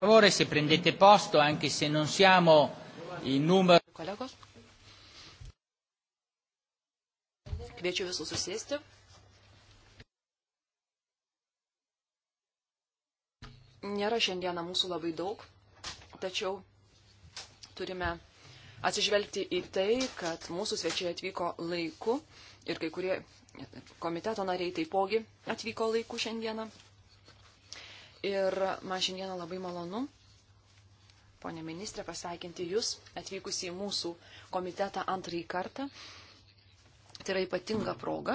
favore se prendete posto, anche se non siamo in numero. Kolegos. Kviečiu visus susėsti. Nėra šiandieną mūsų labai daug, tačiau turime atsižvelgti į tai, kad mūsų svečiai atvyko laiku ir kai kurie komiteto nariai taipogi atvyko laiku šiandieną. Ir man šiandieną labai malonu, ponė ministrė, pasveikinti Jūs atvykus į mūsų komitetą antrąjį kartą. Tai yra ypatinga proga.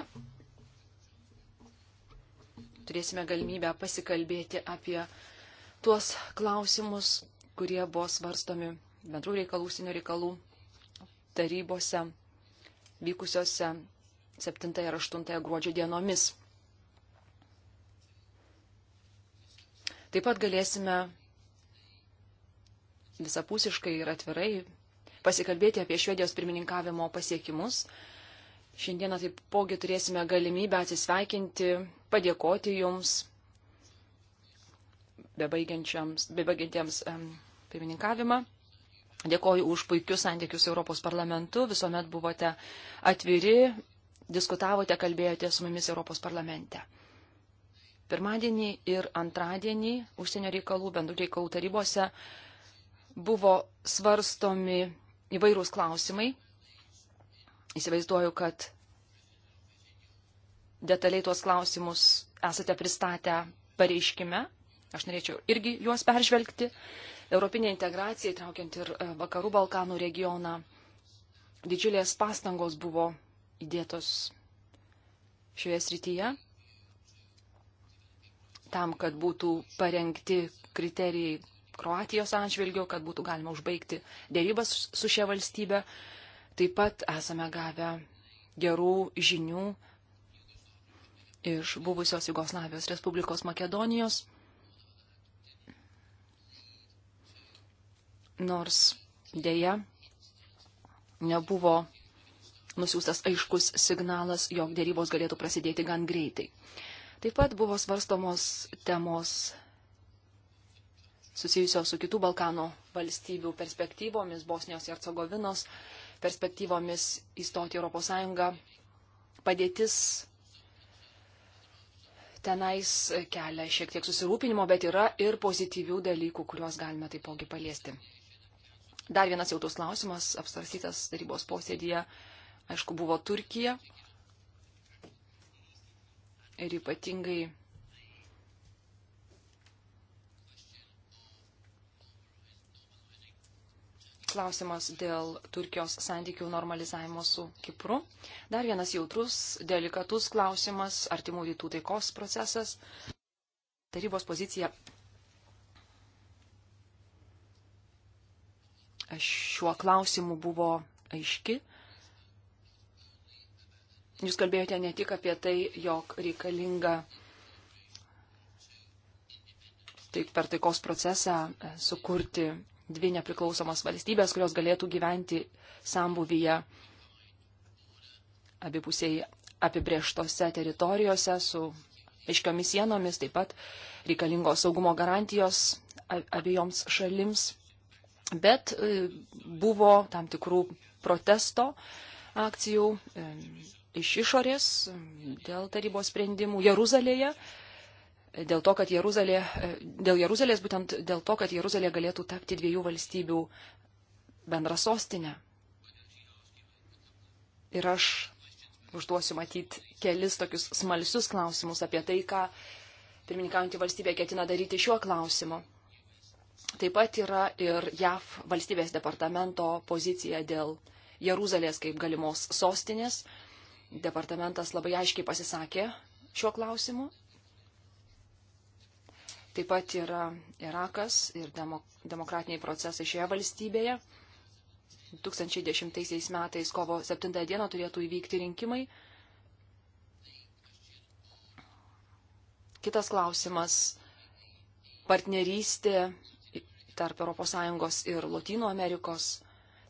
Turėsime galimybę pasikalbėti apie tuos klausimus, kurie buvo svarstomi bendrų reikalų, užsienio reikalų tarybose vykusiose 7 ir 8 gruodžio dienomis. Taip pat galėsime visapusiškai ir atvirai pasikalbėti apie Švedijos pirmininkavimo pasiekimus. Šiandieną taipogi turėsime galimybę atsisveikinti, padėkoti Jums bebaigiantiems um, pirmininkavimą. Dėkoju už puikius santykius Europos parlamentu, visuomet buvote atviri, diskutavote, kalbėjote su mumis Europos parlamente. Pirmadienį ir antradienį užsienio reikalų bendrų reikalų tarybose buvo svarstomi įvairūs klausimai. Įsivaizduoju, kad detaliai tuos klausimus esate pristatę pareiškime. Aš norėčiau irgi juos peržvelgti. Europinė integracija, įtraukiant ir e, Vakarų Balkanų regioną, didžiulės pastangos buvo įdėtos šioje srityje tam, kad būtų parengti kriterijai Kroatijos atžvilgiu, kad būtų galima užbaigti dėrybas su šia valstybe. Taip pat esame gavę gerų žinių iš buvusios Jugoslavijos Respublikos Makedonijos. Nors dėja nebuvo nusiųstas aiškus signalas, jog dėrybos galėtų prasidėti gan greitai. Taip pat buvo svarstomos temos susijusios su kitų Balkano valstybių perspektyvomis, Bosnijos ir Hercegovinos perspektyvomis įstoti Europos Sąjungą. Padėtis tenais kelia šiek tiek susirūpinimo, bet yra ir pozityvių dalykų, kuriuos galime taipogi paliesti. Dar vienas jautus klausimas, apsvarstytas tarybos posėdėje, aišku, buvo Turkija ir ypatingai klausimas dėl Turkijos santykių normalizavimo su Kipru. Dar vienas jautrus, delikatus klausimas - artimų rytų taikos procesas. Tarybos pozicija šiuo klausimu buvo aiški. Jūs kalbėjote ne tik apie tai, jog reikalinga taip per taikos procesą e, sukurti dvi nepriklausomas valstybės, kurios galėtų gyventi sambuvyje abipusiai apibrieštose teritorijose su aiškiomis sienomis, taip pat reikalingos saugumo garantijos abiejoms šalims. Bet e, buvo tam tikrų protesto akcijų, iš išorės dėl tarybos sprendimų Jeruzalėje. Dėl, to, kad Jeruzalė, dėl Jeruzalės, būtent dėl to, kad Jeruzalė galėtų tapti dviejų valstybių bendra sostinė. Ir aš užduosiu matyti kelis tokius smalsius klausimus apie tai, ką pirmininkaujantį valstybę ketina daryti šiuo klausimu. Taip pat yra ir JAV valstybės departamento pozicija dėl Jeruzalės kaip galimos sostinės departamentas labai aiškiai pasisakė šiuo klausimu. Taip pat yra Irakas ir demokratiniai procesai šioje valstybėje. 2010 metais kovo 7 dieną turėtų įvykti rinkimai. Kitas klausimas - partnerystė tarp ES ir Latino Amerikos.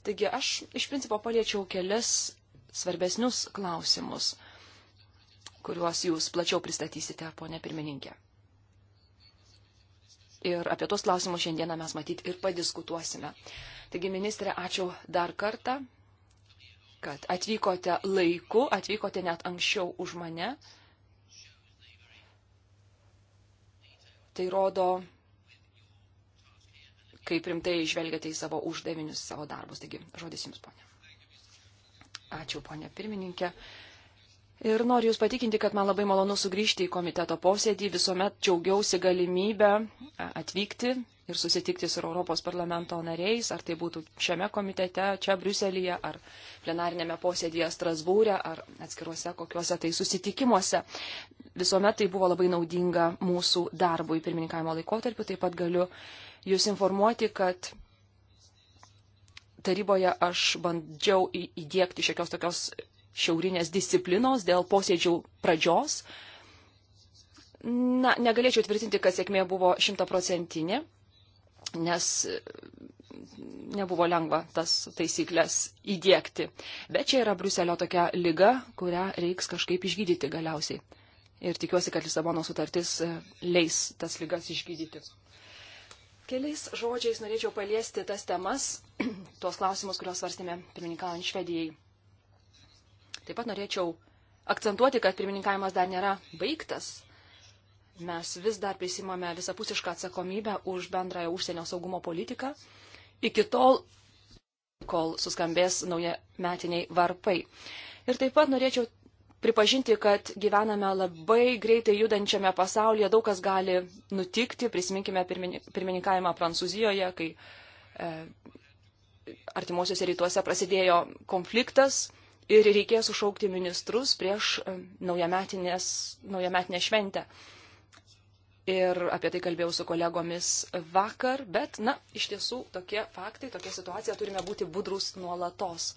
Taigi aš iš principo paliečiau kelias svarbesnius klausimus, kuriuos jūs plačiau pristatysite, ponė pirmininkė. Ir apie tos klausimus šiandieną mes matyt ir padiskutuosime. Taigi, ministrė, ačiū dar kartą, kad atvykote laiku, atvykote net anksčiau už mane. Tai rodo, kaip rimtai žvelgiate į savo uždavinius, savo darbus. Taigi, žodis jums, ponė. Ačiū, ponė pirmininkė. Ir noriu Jūs patikinti, kad man labai malonu sugrįžti į komiteto posėdį. Visuomet džiaugiausi galimybę atvykti ir susitikti su Europos parlamento nariais, ar tai būtų šiame komitete, čia Briuselėje, ar plenarinėme posėdėje Strasbūrė, ar atskiruose kokiuose tai susitikimuose. Visuomet tai buvo labai naudinga mūsų darbui pirmininkavimo laikotarpiu. Taip pat galiu Jūs informuoti, kad taryboje aš bandžiau įdėkti šiokios tokios šiaurinės disciplinos dėl posėdžių pradžios. Na, negalėčiau tvirtinti, kad sėkmė buvo šimtaprocentinė, nes nebuvo lengva tas taisyklės įdėkti. Bet čia yra Bruselio tokia lyga, kurią reiks kažkaip išgydyti galiausiai. Ir tikiuosi, kad Lisabono sutartis leis tas lygas išgydyti. Keliais žodžiais norėčiau paliesti tas temas, tuos klausimus, kuriuos svarstėme pirmininkaujant Švedijai. Taip pat norėčiau akcentuoti, kad pirmininkavimas dar nėra baigtas. Mes vis dar prisimame visapusišką atsakomybę už bendrąją užsienio saugumo politiką. Iki tol, kol suskambės nauja metiniai varpai. Ir taip pat norėčiau pripažinti, kad gyvename labai greitai judančiame pasaulyje, daug kas gali nutikti. Prisiminkime pirmininkavimą Prancūzijoje, kai e, artimuosiuose rytuose prasidėjo konfliktas ir reikėjo sušaukti ministrus prieš e, naujametinę naujametinė šventę. Ir apie tai kalbėjau su kolegomis vakar, bet, na, iš tiesų tokie faktai, tokia situacija turime būti budrus nuolatos.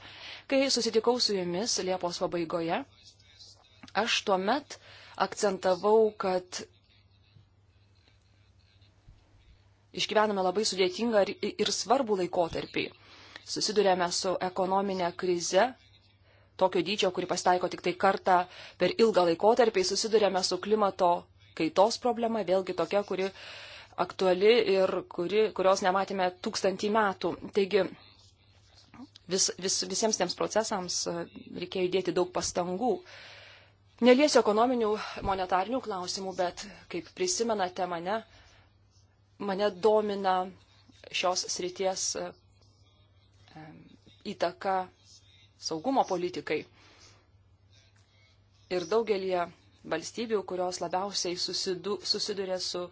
Kai susitikau su jumis Liepos pabaigoje, Aš tuo met akcentavau, kad išgyvename labai sudėtingą ir svarbų laikotarpį. Susidurėme su ekonominė krize, tokio dydžio, kuri pasitaiko tik tai kartą per ilgą laikotarpį, susidurėme su klimato kaitos problema, vėlgi tokia, kuri aktuali ir kuri, kurios nematėme tūkstantį metų. Taigi vis, vis, visiems tiems procesams e, reikėjo įdėti daug pastangų. Neliesiu ekonominių monetarinių klausimų, bet, kaip prisimenate mane, mane domina šios srities e, įtaka saugumo politikai. Ir daugelį valstybių, kurios labiausiai susidu, susiduria su,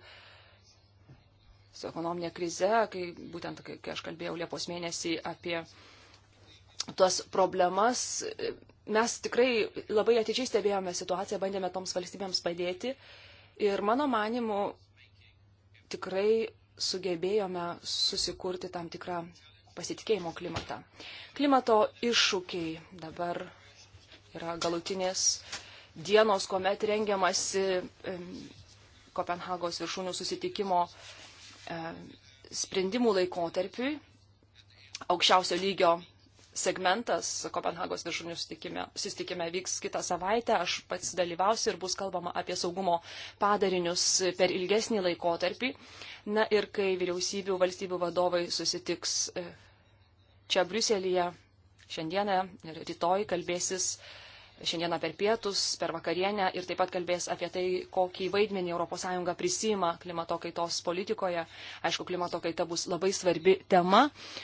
su ekonominė krize, kai būtent, kai, kai aš kalbėjau Liepos mėnesį apie tuos problemas, mes tikrai labai atidžiai stebėjome situaciją, bandėme toms valstybėms padėti ir mano manimu tikrai sugebėjome susikurti tam tikrą pasitikėjimo klimatą. Klimato iššūkiai dabar yra galutinės dienos, kuomet rengiamasi Kopenhagos viršūnių susitikimo sprendimų laikotarpiui aukščiausio lygio segmentas Kopenhagos viršūnių susitikime vyks kitą savaitę. Aš pats dalyvausiu ir bus kalbama apie saugumo padarinius per ilgesnį laikotarpį. Na ir kai vyriausybių valstybių vadovai susitiks e, čia Briuselėje šiandieną ir rytoj kalbėsis. E, šiandieną per pietus, per vakarienę ir taip pat kalbės apie tai, kokį vaidmenį ES prisima klimato kaitos politikoje. Aišku, klimato kaita bus labai svarbi tema. Uh,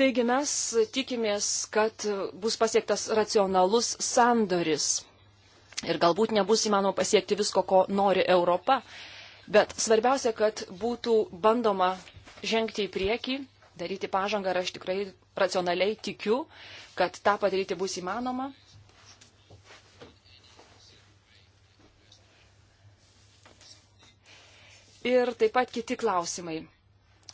Taigi mes tikimės, kad bus pasiektas racionalus sandoris ir galbūt nebus įmanoma pasiekti visko, ko nori Europa, bet svarbiausia, kad būtų bandoma žengti į priekį, daryti pažangą ir aš tikrai racionaliai tikiu, kad tą padaryti bus įmanoma. Ir taip pat kiti klausimai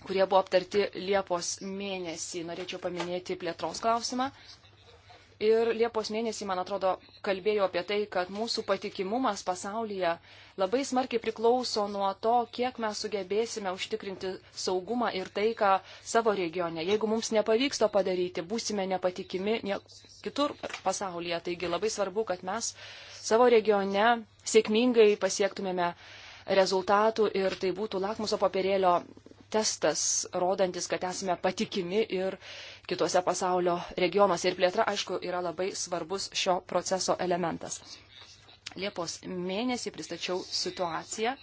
kurie buvo aptarti Liepos mėnesį. Norėčiau paminėti plėtros klausimą. Ir Liepos mėnesį, man atrodo, kalbėjau apie tai, kad mūsų patikimumas pasaulyje labai smarkiai priklauso nuo to, kiek mes sugebėsime užtikrinti saugumą ir taiką savo regione. Jeigu mums nepavyks to padaryti, būsime nepatikimi nie... kitur pasaulyje. Taigi labai svarbu, kad mes savo regione sėkmingai pasiektumėme rezultatų ir tai būtų lakmuso papirėlio testas, rodantis, kad esame patikimi ir kitose pasaulio regionuose. Ir plėtra, aišku, yra labai svarbus šio proceso elementas. Liepos mėnesį pristačiau situaciją.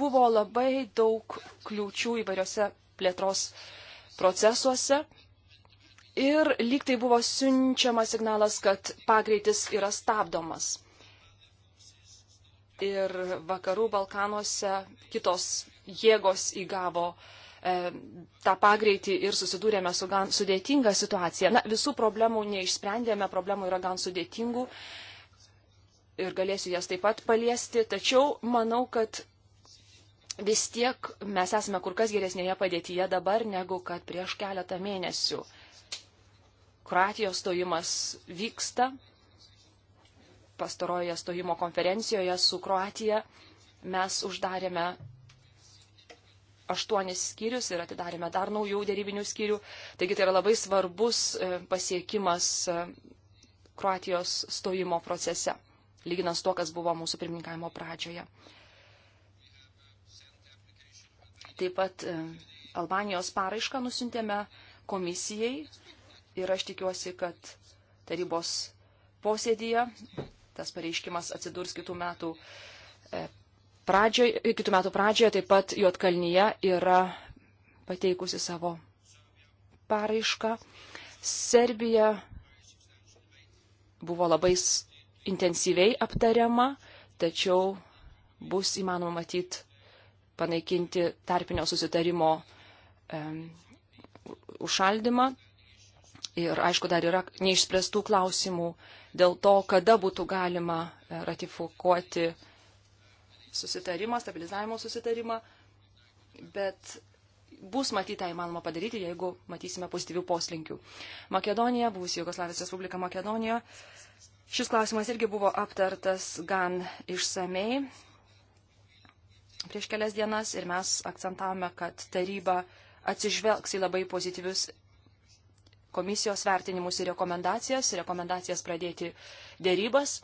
Buvo labai daug kliūčių įvairiose plėtros procesuose. Ir lyg tai buvo siunčiamas signalas, kad pagreitis yra stabdomas ir vakarų Balkanuose kitos jėgos įgavo e, tą pagreitį ir susidūrėme su gan sudėtinga situacija. Na, visų problemų neišsprendėme, problemų yra gan sudėtingų ir galėsiu jas taip pat paliesti, tačiau manau, kad vis tiek mes esame kur kas geresnėje padėtyje dabar negu kad prieš keletą mėnesių. Kroatijos stojimas vyksta, pastarojoje stojimo konferencijoje su Kroatija mes uždarėme aštuonis skyrius ir atidarėme dar naujų dėrybinių skyrių. Taigi tai yra labai svarbus e, pasiekimas e, Kroatijos stojimo procese, lyginant su to, kas buvo mūsų pirmininkavimo pradžioje. Taip pat e, Albanijos paraišką nusintėme komisijai ir aš tikiuosi, kad tarybos posėdėje tas pareiškimas atsidurs kitų metų pradžioje, kitų metų pradžioje taip pat Juotkalnyje yra pateikusi savo paraišką. Serbija buvo labai intensyviai aptariama, tačiau bus įmanoma matyti panaikinti tarpinio susitarimo um, užšaldymą. Ir aišku, dar yra neišspręstų klausimų dėl to, kada būtų galima e, ratifikuoti uh, susitarimą, stabilizavimo susitarimą, bet bus matyta įmanoma padaryti, jeigu matysime pozityvių poslinkių. Makedonija, buvusi Jugoslavijos Respublika Makedonija, šis klausimas irgi buvo aptartas gan išsamei prieš kelias dienas ir mes akcentavome, kad taryba atsižvelgs į labai pozityvius komisijos vertinimus ir rekomendacijas, rekomendacijas pradėti dėrybas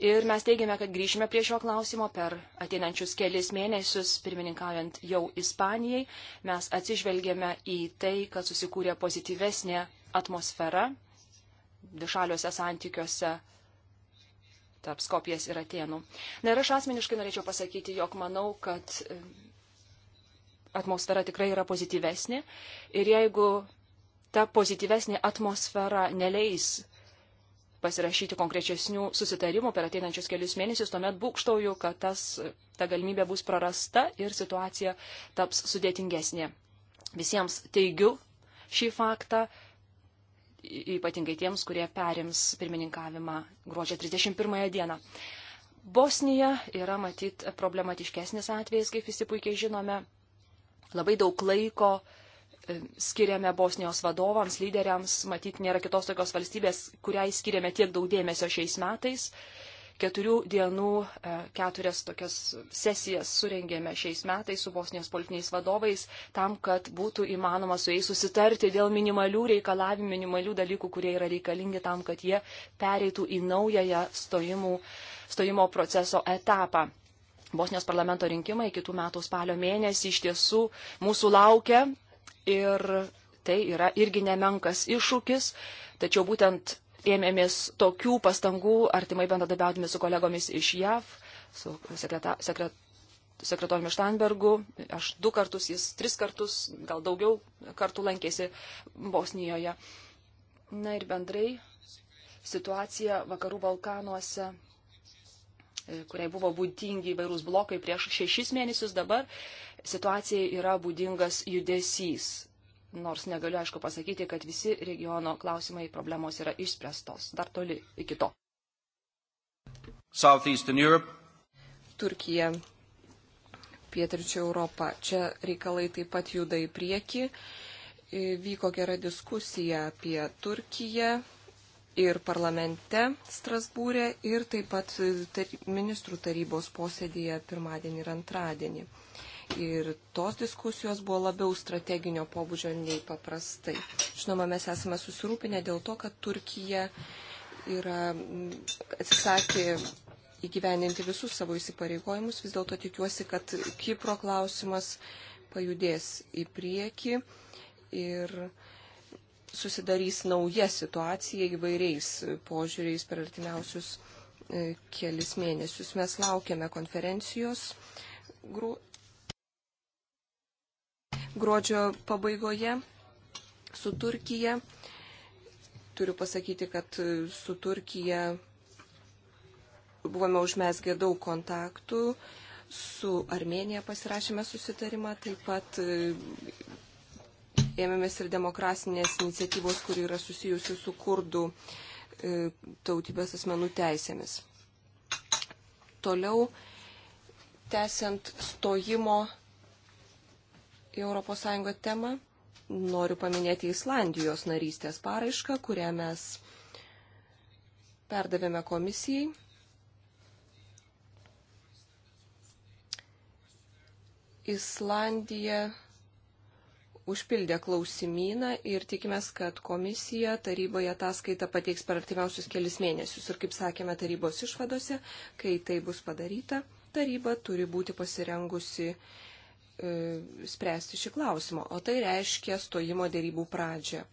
Ir mes teigiame, kad grįšime prie šio klausimo per ateinančius kelis mėnesius, pirmininkaujant jau Ispanijai. Mes atsižvelgėme į tai, kad susikūrė pozityvesnė atmosfera dvišaliuose santykiuose tarp Skopijas ir Atenų. Na ir aš asmeniškai norėčiau pasakyti, jog manau, kad e, atmosfera tikrai yra pozityvesnė. Ir jeigu ta pozityvesnė atmosfera neleis pasirašyti konkrečesnių susitarimų per ateinančius kelius mėnesius, tuomet būkštauju, kad tas, ta galimybė bus prarasta ir situacija taps sudėtingesnė. Visiems teigiu šį faktą, ypatingai tiems, kurie perims pirmininkavimą gruodžio 31 dieną. Bosnija yra matyt problematiškesnis atvejis, kaip visi puikiai žinome. Labai daug laiko uh, skiriame Bosnijos vadovams, lyderiams, matyt, nėra kitos tokios valstybės, kuriai skiriame tiek daug dėmesio šiais metais. Keturių dienų, e, keturias tokias sesijas surengėme šiais metais su Bosnijos politiniais vadovais, tam, kad būtų įmanoma su jais susitarti dėl minimalių reikalavimų, minimalių dalykų, kurie yra reikalingi tam, kad jie pereitų į naująją stojimų, stojimo proceso etapą. Bosnijos parlamento rinkimai kitų metų spalio mėnesį iš tiesų mūsų laukia ir tai yra irgi nemenkas iššūkis, tačiau būtent ėmėmės tokių pastangų, artimai bendradabiaudami su kolegomis iš JAV, su sekreta, sekret, sekretoriumi Štanbergu, aš du kartus, jis tris kartus, gal daugiau kartų lankėsi Bosnijoje. Na ir bendrai situacija vakarų Balkanuose E, kuriai buvo būdingi įvairūs blokai prieš šešis mėnesius, dabar situacijai yra būdingas judesys. Nors negaliu, aišku, pasakyti, kad visi regiono klausimai problemos yra išspręstos. Dar toli iki to. Turkija, Pietričio Europa. Čia reikalai taip pat juda į priekį. E, vyko gera diskusija apie Turkiją ir parlamente Strasbūrė, ir taip pat tar ministrų tarybos posėdėje pirmadienį ir antradienį. Ir tos diskusijos buvo labiau strateginio pobūdžio nei paprastai. Žinoma, mes esame susirūpinę dėl to, kad Turkija yra mm, atsisakė įgyveninti visus savo įsipareigojimus. Vis dėlto tikiuosi, kad Kipro klausimas pajudės į priekį. Ir susidarys nauja situacija įvairiais požiūriais per artimiausius e, kelis mėnesius. Mes laukiame konferencijos gru... gruodžio pabaigoje su Turkija. Turiu pasakyti, kad su Turkija buvome užmesgę daug kontaktų. Su Armenija pasirašėme susitarimą, taip pat e, ėmėmės ir demokratinės iniciatyvos, kuri yra susijusi su kurdų e, tautybės asmenų teisėmis. Toliau, tęsiant stojimo į ES temą, noriu paminėti Islandijos narystės paraišką, kurią mes perdavėme komisijai. Islandija užpildę klausimyną ir tikimės, kad komisija taryboje tą skaitą pateiks per artimiausius kelis mėnesius. Ir kaip sakėme tarybos išvadose, kai tai bus padaryta, taryba turi būti pasirengusi e, spręsti šį klausimą. O tai reiškia stojimo dėrybų pradžią.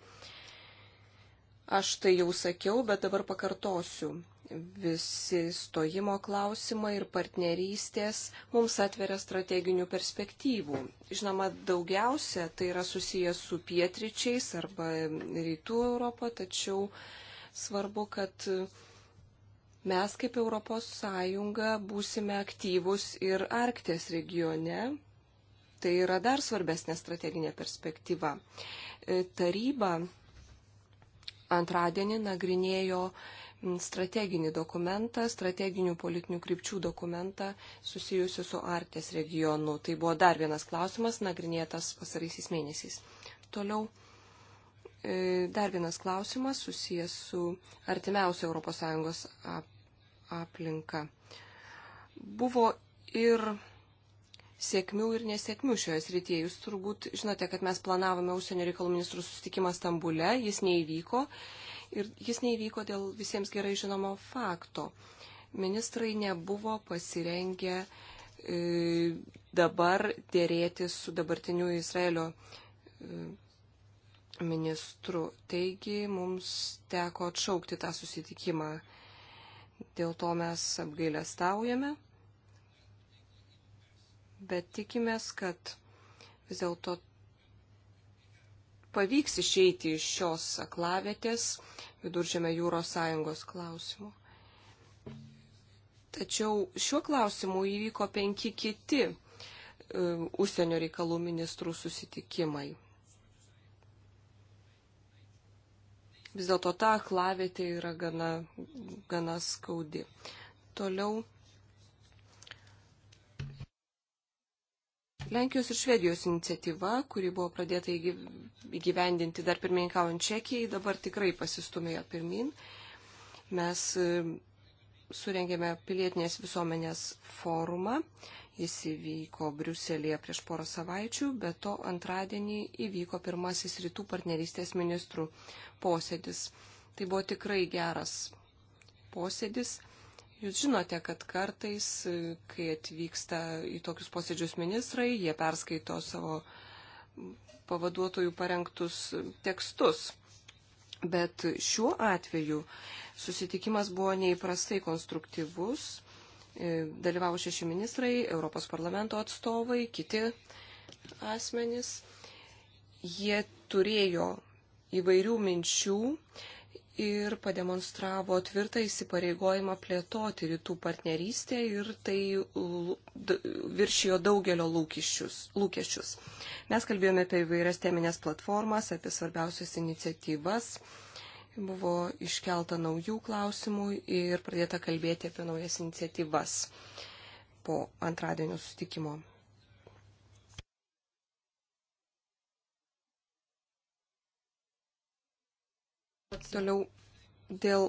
Aš tai jau sakiau, bet dabar pakartosiu. Visi stojimo klausimai ir partnerystės mums atveria strateginių perspektyvų. Žinoma, daugiausia tai yra susijęs su pietryčiais arba rytų Europo, tačiau svarbu, kad mes kaip Europos Sąjunga būsime aktyvus ir Arktės regione. Tai yra dar svarbesnė strateginė perspektyva. E, taryba antradienį nagrinėjo strateginį dokumentą, strateginių politinių krypčių dokumentą susijusiu su Artės regionu. Tai buvo dar vienas klausimas, nagrinėtas pasaraisiais mėnesiais. Toliau e, dar vienas klausimas susijęs su artimiausia ES aplinka. Buvo ir sėkmių ir nesėkmių šioje srityje. Jūs turbūt žinote, kad mes planavome užsienio reikalų ministrų susitikimą Stambule, jis neįvyko ir jis neįvyko dėl visiems gerai žinomo fakto. Ministrai nebuvo pasirengę e, dabar dėrėti su dabartiniu Izraelio e, ministru. Taigi mums teko atšaukti tą susitikimą. Dėl to mes apgailę staujame, bet tikimės, kad vis dėlto pavyks išeiti iš šios aklavėtės viduržėme jūros sąjungos klausimų. Tačiau šiuo klausimu įvyko penki kiti e, užsienio reikalų ministrų susitikimai. Vis dėlto ta aklavėtė yra gana, gana skaudi. Toliau Lenkijos ir Švedijos iniciatyva, kuri buvo pradėta įgyvendinti dar pirmininkaujant Čekijai, dabar tikrai pasistumėjo pirmin. Mes e, surengėme pilietinės visuomenės forumą. Jis įvyko Briuselėje prieš porą savaičių, bet to antradienį įvyko pirmasis rytų partnerystės ministrų posėdis. Tai buvo tikrai geras posėdis Jūs žinote, kad kartais, kai atvyksta į tokius posėdžius ministrai, jie perskaito savo pavaduotojų parengtus tekstus. Bet šiuo atveju susitikimas buvo neįprastai konstruktyvus. E, dalyvavo šeši ministrai, Europos parlamento atstovai, kiti asmenys. Jie turėjo įvairių minčių, ir pademonstravo tvirtą įsipareigojimą plėtoti rytų partnerystę ir tai viršijo daugelio lūkesčius. Mes kalbėjome apie įvairias teminės platformas, apie svarbiausias iniciatyvas. Buvo iškelta naujų klausimų ir pradėta kalbėti apie naujas iniciatyvas po antradienio sustikimo. Toliau dėl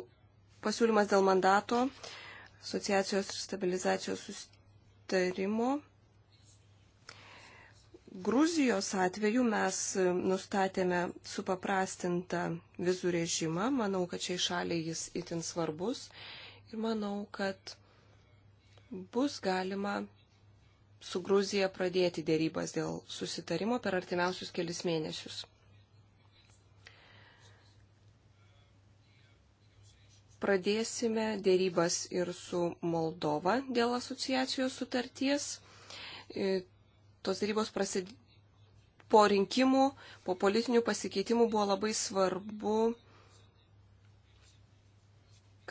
pasiūlymas dėl mandato, asociacijos ir stabilizacijos sustarimo. Gruzijos atveju mes nustatėme supaprastintą vizų režimą. Manau, kad šiai šaliai jis itin svarbus. Ir manau, kad bus galima su Gruzija pradėti dėrybas dėl susitarimo per artimiausius kelis mėnesius. pradėsime dėrybas ir su Moldova dėl asociacijos sutarties. E, tos dėrybos prasidėjo po rinkimų, po politinių pasikeitimų buvo labai svarbu,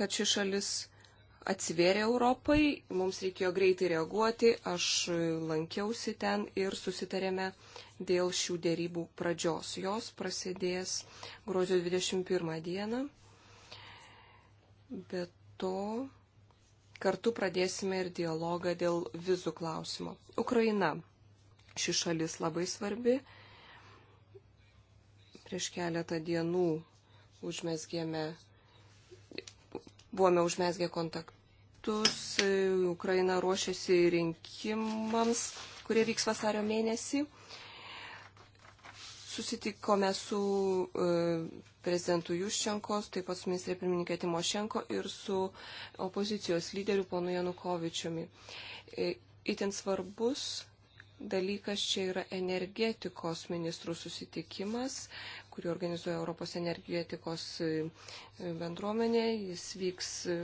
kad ši šalis atsivėrė Europai, mums reikėjo greitai reaguoti, aš lankiausi ten ir susitarėme dėl šių dėrybų pradžios. Jos prasidės gruodžio 21 dieną. Bet to kartu pradėsime ir dialogą dėl vizų klausimo. Ukraina. Ši šalis labai svarbi. Prieš keletą dienų užmesgėme, buvome užmesgę kontaktus. Ukraina ruošiasi rinkimams, kurie vyks vasario mėnesį. Susitikome su uh, prezidentu Juščenkos, taip pat su ministrė pirmininkė Timošenko ir su opozicijos lyderiu ponu Janukovičiumi. Įtin e, svarbus dalykas čia yra energetikos ministrų susitikimas, kurį organizuoja Europos energetikos e, bendruomenė. Jis vyks e,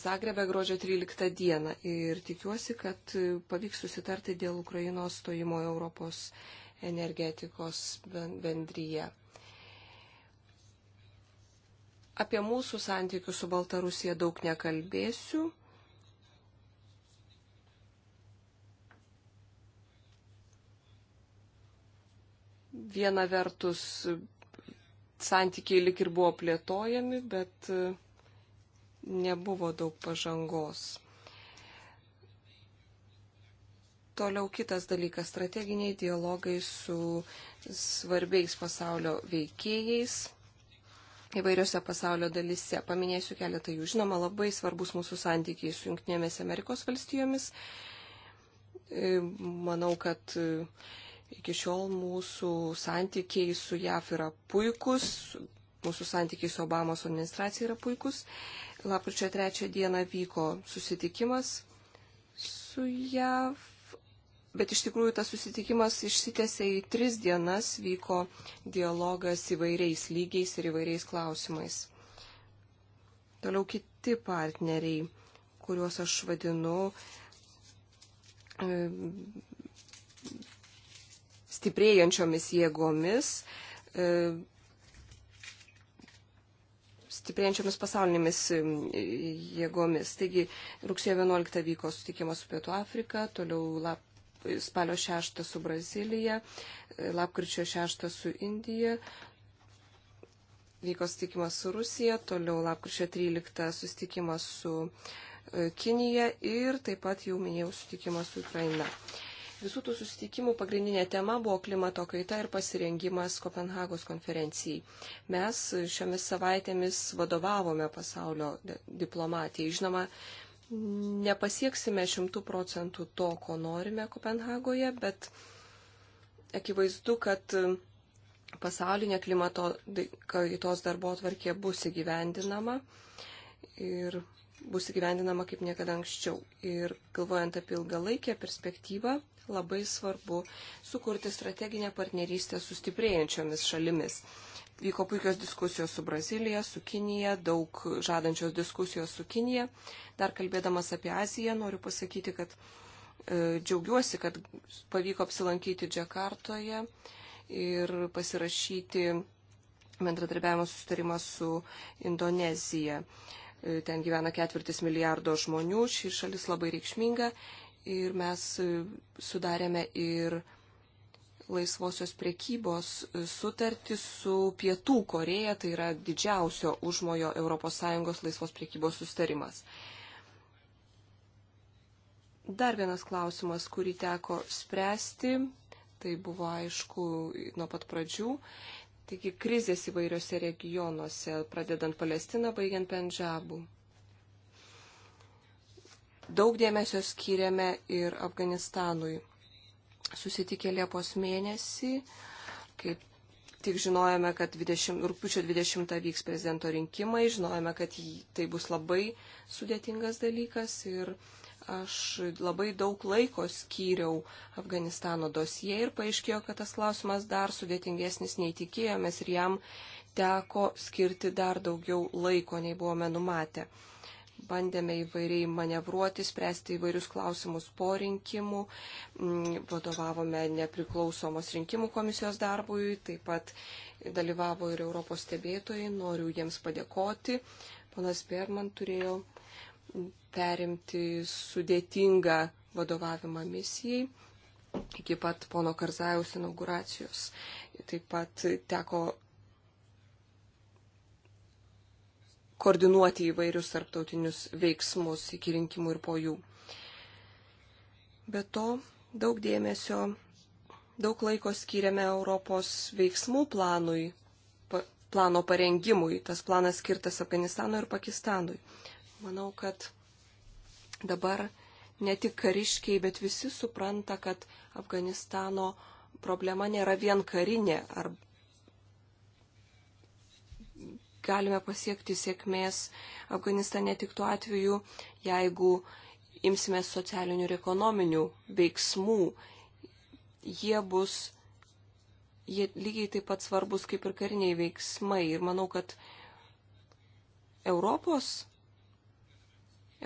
Zagrebe gruodžio 13 dieną ir tikiuosi, kad pavyks susitarti dėl Ukrainos stojimo Europos energetikos bendryje. Apie mūsų santykius su Baltarusija daug nekalbėsiu. Viena vertus santykiai lik ir buvo plėtojami, bet nebuvo daug pažangos. Toliau kitas dalykas - strateginiai dialogai su svarbiais pasaulio veikėjais įvairiose pasaulio dalise. Paminėsiu keletą jų. Žinoma, labai svarbus mūsų santykiai su Junktinėmis Amerikos valstijomis. E, manau, kad e, iki šiol mūsų santykiai su JAF yra puikus, mūsų santykiai su Obamos administracija yra puikus. Lapkričio 3 dieną vyko susitikimas su JAV, bet iš tikrųjų tas susitikimas išsitėsė į tris dienas, vyko dialogas įvairiais lygiais ir įvairiais klausimais. Toliau kiti partneriai, kuriuos aš vadinu e, stiprėjančiomis jėgomis, e, stiprėjančiomis pasaulinėmis jėgomis. Taigi rugsėjo 11 vyko sutikimas su Pietų Afrika, toliau lap, spalio 6 su Brazilija, e, lapkričio 6 su Indija, vyko sutikimas su Rusija, toliau lapkričio 13 susitikimas su e, Kinija ir taip pat jau minėjau sutikimą su Ukraina. Visų tų susitikimų pagrindinė tema buvo klimato kaita ir pasirengimas Kopenhagos konferencijai. Mes šiomis savaitėmis vadovavome pasaulio diplomatijai. Žinoma, nepasieksime šimtų procentų to, ko norime Kopenhagoje, bet akivaizdu, kad pasaulinė klimato kaitos darbo atvarkė bus įgyvendinama. Ir bus įgyvendinama kaip niekada anksčiau. Ir galvojant apie ilgalaikę perspektyvą, labai svarbu sukurti strateginę partnerystę su stiprėjančiomis šalimis. Vyko puikios diskusijos su Brazilija, su Kinija, daug žadančios diskusijos su Kinija. Dar kalbėdamas apie Aziją, noriu pasakyti, kad e, džiaugiuosi, kad pavyko apsilankyti Džakartoje ir pasirašyti bendradarbiavimo sustarimą su Indonezija. E, E, ten gyvena ketvirtis milijardo žmonių, ši šalis labai reikšminga ir mes e, sudarėme ir laisvosios priekybos e, sutartį su Pietų Koreja, tai yra didžiausio užmojo ES laisvos priekybos sustarimas. Dar vienas klausimas, kurį teko spręsti, tai buvo aišku nuo pat pradžių, Taigi krizės įvairiose regionuose, pradedant Palestiną, baigiant Pendžabų. Daug dėmesio skiriame ir Afganistanui. Susitikė Liepos mėnesį, kaip tik žinojame, kad 20, rūpiučio 20 vyks prezidento rinkimai, žinojame, kad tai bus labai sudėtingas dalykas ir uh, Aš labai daug laiko skyriau Afganistano dosiją ir paaiškėjo, kad tas klausimas dar sudėtingesnis nei tikėjomės ir jam teko skirti dar daugiau laiko, nei buvome numatę. Bandėme įvairiai manevruoti, spręsti įvairius klausimus po rinkimų, mm, vadovavome nepriklausomos rinkimų komisijos darbui, taip pat dalyvavo ir Europos stebėtojai, noriu jiems padėkoti. Ponas Berman turėjo perimti sudėtingą vadovavimą misijai iki pat pono Karzajaus inauguracijos. Taip pat teko koordinuoti įvairius tarptautinius veiksmus iki rinkimų ir po jų. Be to, daug dėmesio, daug laiko skiriame Europos veiksmų planui, plano parengimui. Tas planas skirtas Afganistanui ir Pakistanui. Manau, kad dabar ne tik kariškiai, bet visi supranta, kad Afganistano problema nėra vien karinė. Ar galime pasiekti sėkmės Afganistane tik tuo atveju, jeigu imsime socialinių ir ekonominių veiksmų. Jie bus jie lygiai taip pat svarbus kaip ir kariniai veiksmai. Ir manau, kad Europos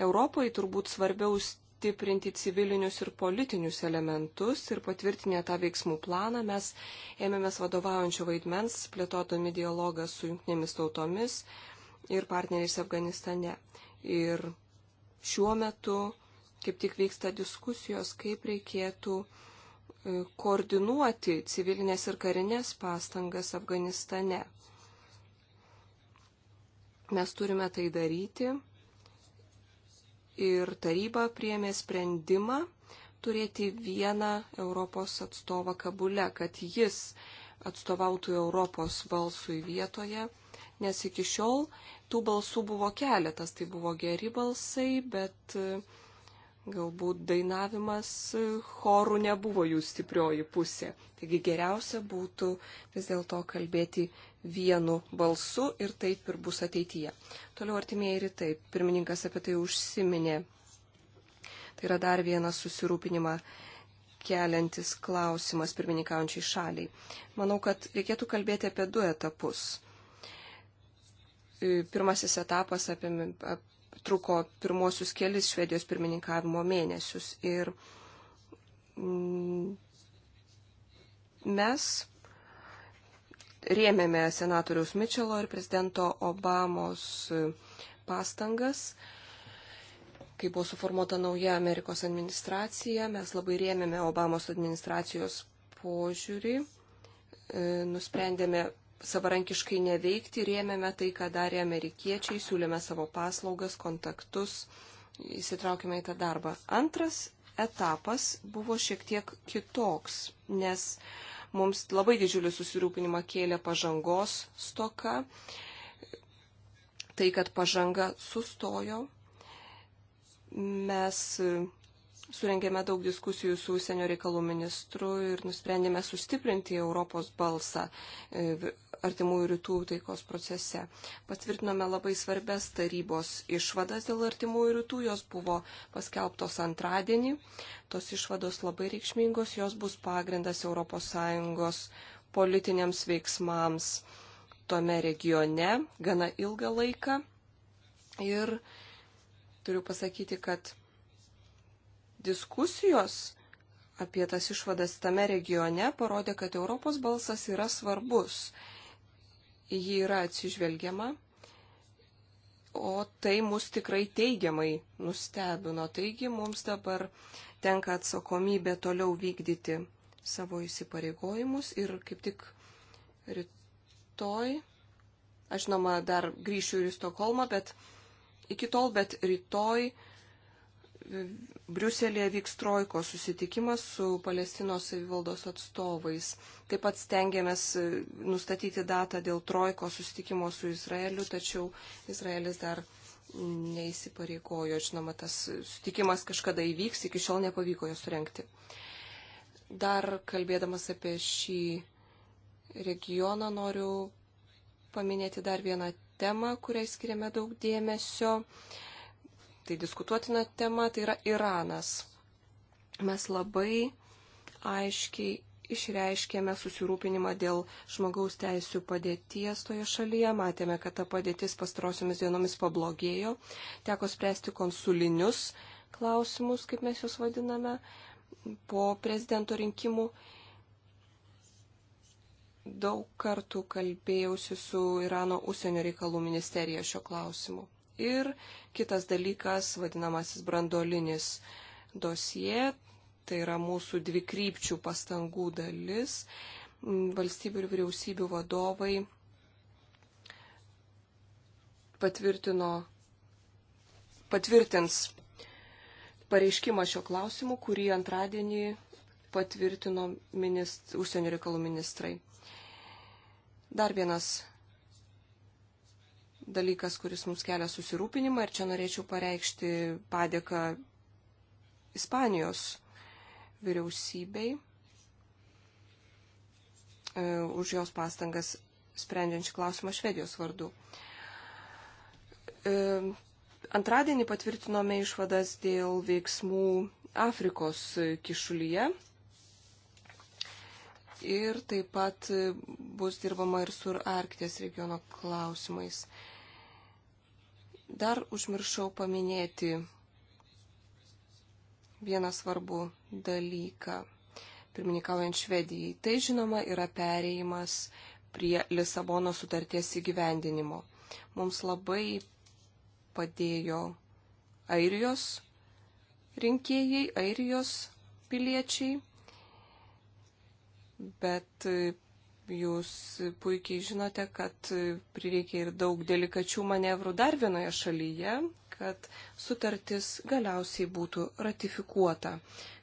Europai turbūt svarbiau stiprinti civilinius ir politinius elementus ir patvirtinę tą veiksmų planą mes ėmėmės vadovaujančio vaidmens, plėtodami dialogą su jungtinėmis tautomis ir partneriais Afganistane. Ir šiuo metu kaip tik vyksta diskusijos, kaip reikėtų e, koordinuoti civilinės ir karinės pastangas Afganistane. Mes turime tai daryti ir taryba priemė sprendimą turėti vieną Europos atstovą Kabule, kad jis atstovautų Europos balsui vietoje, nes iki šiol tų balsų buvo keletas, tai buvo geri balsai, bet uh, Galbūt dainavimas chorų nebuvo jų stiprioji pusė. Taigi geriausia būtų vis dėlto kalbėti vienu balsu ir taip ir bus ateityje. Toliau artimieji rytai. Pirmininkas apie tai užsiminė. Tai yra dar vienas susirūpinimą keliantis klausimas pirmininkaujančiai šaliai. Manau, kad reikėtų kalbėti apie du etapus pirmasis etapas apimė, ap, truko pirmosius kelis Švedijos pirmininkavimo mėnesius. Ir mm, mes rėmėme senatoriaus Mičelo ir prezidento Obamos pastangas. Kai buvo suformuota nauja Amerikos administracija, mes labai rėmėme Obamos administracijos požiūrį, e, nusprendėme savarankiškai neveikti, rėmėme tai, ką darė amerikiečiai, siūlėme savo paslaugas, kontaktus, įsitraukėme į tą darbą. Antras etapas buvo šiek tiek kitoks, nes mums labai didžiulį susirūpinimą kėlė pažangos stoka, tai, kad pažanga sustojo. Mes surengėme daug diskusijų su užsienio reikalų ministru ir nusprendėme sustiprinti Europos balsą e, artimųjų rytų taikos procese. Patvirtinome labai svarbes tarybos išvadas dėl artimųjų rytų, jos buvo paskelbtos antradienį. Tos išvados labai reikšmingos, jos bus pagrindas ES politiniams veiksmams tome regione gana ilgą laiką. Ir turiu pasakyti, kad diskusijos apie tas išvadas tame regione parodė, kad Europos balsas yra svarbus jį yra atsižvelgiama, o tai mus tikrai teigiamai nustebino. Taigi mums dabar tenka atsakomybė toliau vykdyti savo įsipareigojimus ir kaip tik rytoj, aš žinoma, dar grįšiu ir į Stokholmą, bet iki tol, bet rytoj Briuselėje vyks trojko susitikimas su Palestinos savivaldos atstovais. Taip pat stengiamės e, nustatyti datą dėl trojko susitikimo su Izraeliu, tačiau Izraelis dar neįsipareigojo. Žinoma, tas susitikimas kažkada įvyks, iki šiol nepavyko jo surenkti. Dar kalbėdamas apie šį regioną noriu paminėti dar vieną temą, kuriai skiriame daug dėmesio. Uh, tai diskutuotina tema, tai yra Iranas. Mes labai aiškiai išreiškėme susirūpinimą dėl žmogaus teisų padėties toje šalyje, matėme, kad ta padėtis pastarosiomis dienomis pablogėjo, teko spręsti konsulinius klausimus, kaip mes juos vadiname, po prezidento rinkimų. Daug kartų kalbėjausi su Irano užsienio reikalų ministerija šio klausimu. Ir kitas dalykas, vadinamasis brandolinis dosie, tai yra mūsų dvikrypčių pastangų dalis. Mm, valstybių ir vyriausybių vadovai patvirtino, patvirtins pareiškimą šio klausimu, kurį antradienį patvirtino minist, užsienio reikalų ministrai. Dar vienas dalykas, kuris mums kelia susirūpinimą ir čia norėčiau pareikšti padėką Ispanijos vyriausybei e, už jos pastangas sprendžiant šį klausimą Švedijos vardu. E, antradienį patvirtinome išvadas dėl veiksmų Afrikos kišulyje. Ir taip pat bus dirbama ir sur Arktės regiono klausimais. Dar užmiršau paminėti vieną svarbų dalyką, pirmininkaujant Švedijai. Tai, žinoma, yra pereimas prie Lisabono sutarties įgyvendinimo. Mums labai padėjo Airijos rinkėjai, Airijos piliečiai, bet Jūs puikiai žinote, kad prireikė ir daug delikačių manevrų dar vienoje šalyje, kad sutartis galiausiai būtų ratifikuota,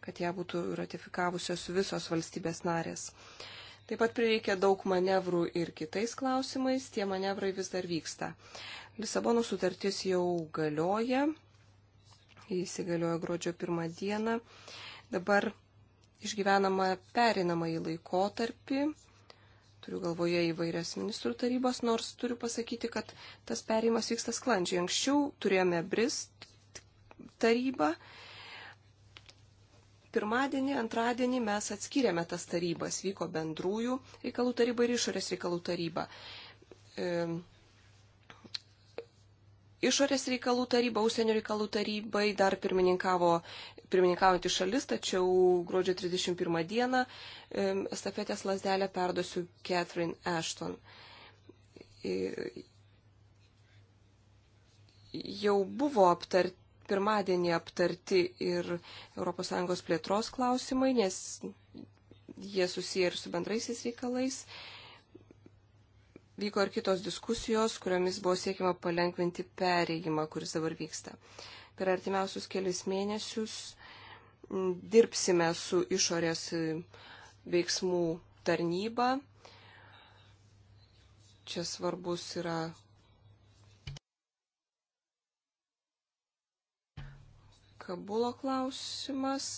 kad ją būtų ratifikavusios visos valstybės narės. Taip pat prireikė daug manevrų ir kitais klausimais, tie manevrai vis dar vyksta. Lisabono sutartis jau galioja, įsigaliojo gruodžio pirmą dieną. Dabar išgyvenama perinamąjį laikotarpį Turiu galvoje įvairias ministrų tarybas, nors turiu pasakyti, kad tas perėjimas vyksta sklandžiai. Anksčiau turėjome BRIS tarybą. Pirmadienį, antradienį mes atskiriame tas tarybas. Vyko bendrųjų reikalų taryba ir išorės reikalų taryba. E, išorės reikalų taryba, užsienio reikalų tarybai dar pirmininkavo pirmininkaujantį šalis, tačiau gruodžio 31 dieną estafetės lasdelę perdosiu Catherine Ashton. Jau buvo aptarti pirmadienį aptarti ir ES plėtros klausimai, nes jie susiję ir su bendraisiais reikalais vyko ir kitos diskusijos, kuriomis buvo siekiama palengventi pereigimą, kuris dabar vyksta. Per artimiausius kelius mėnesius dirbsime su išorės e, veiksmų tarnyba. Čia svarbus yra Kabulo klausimas.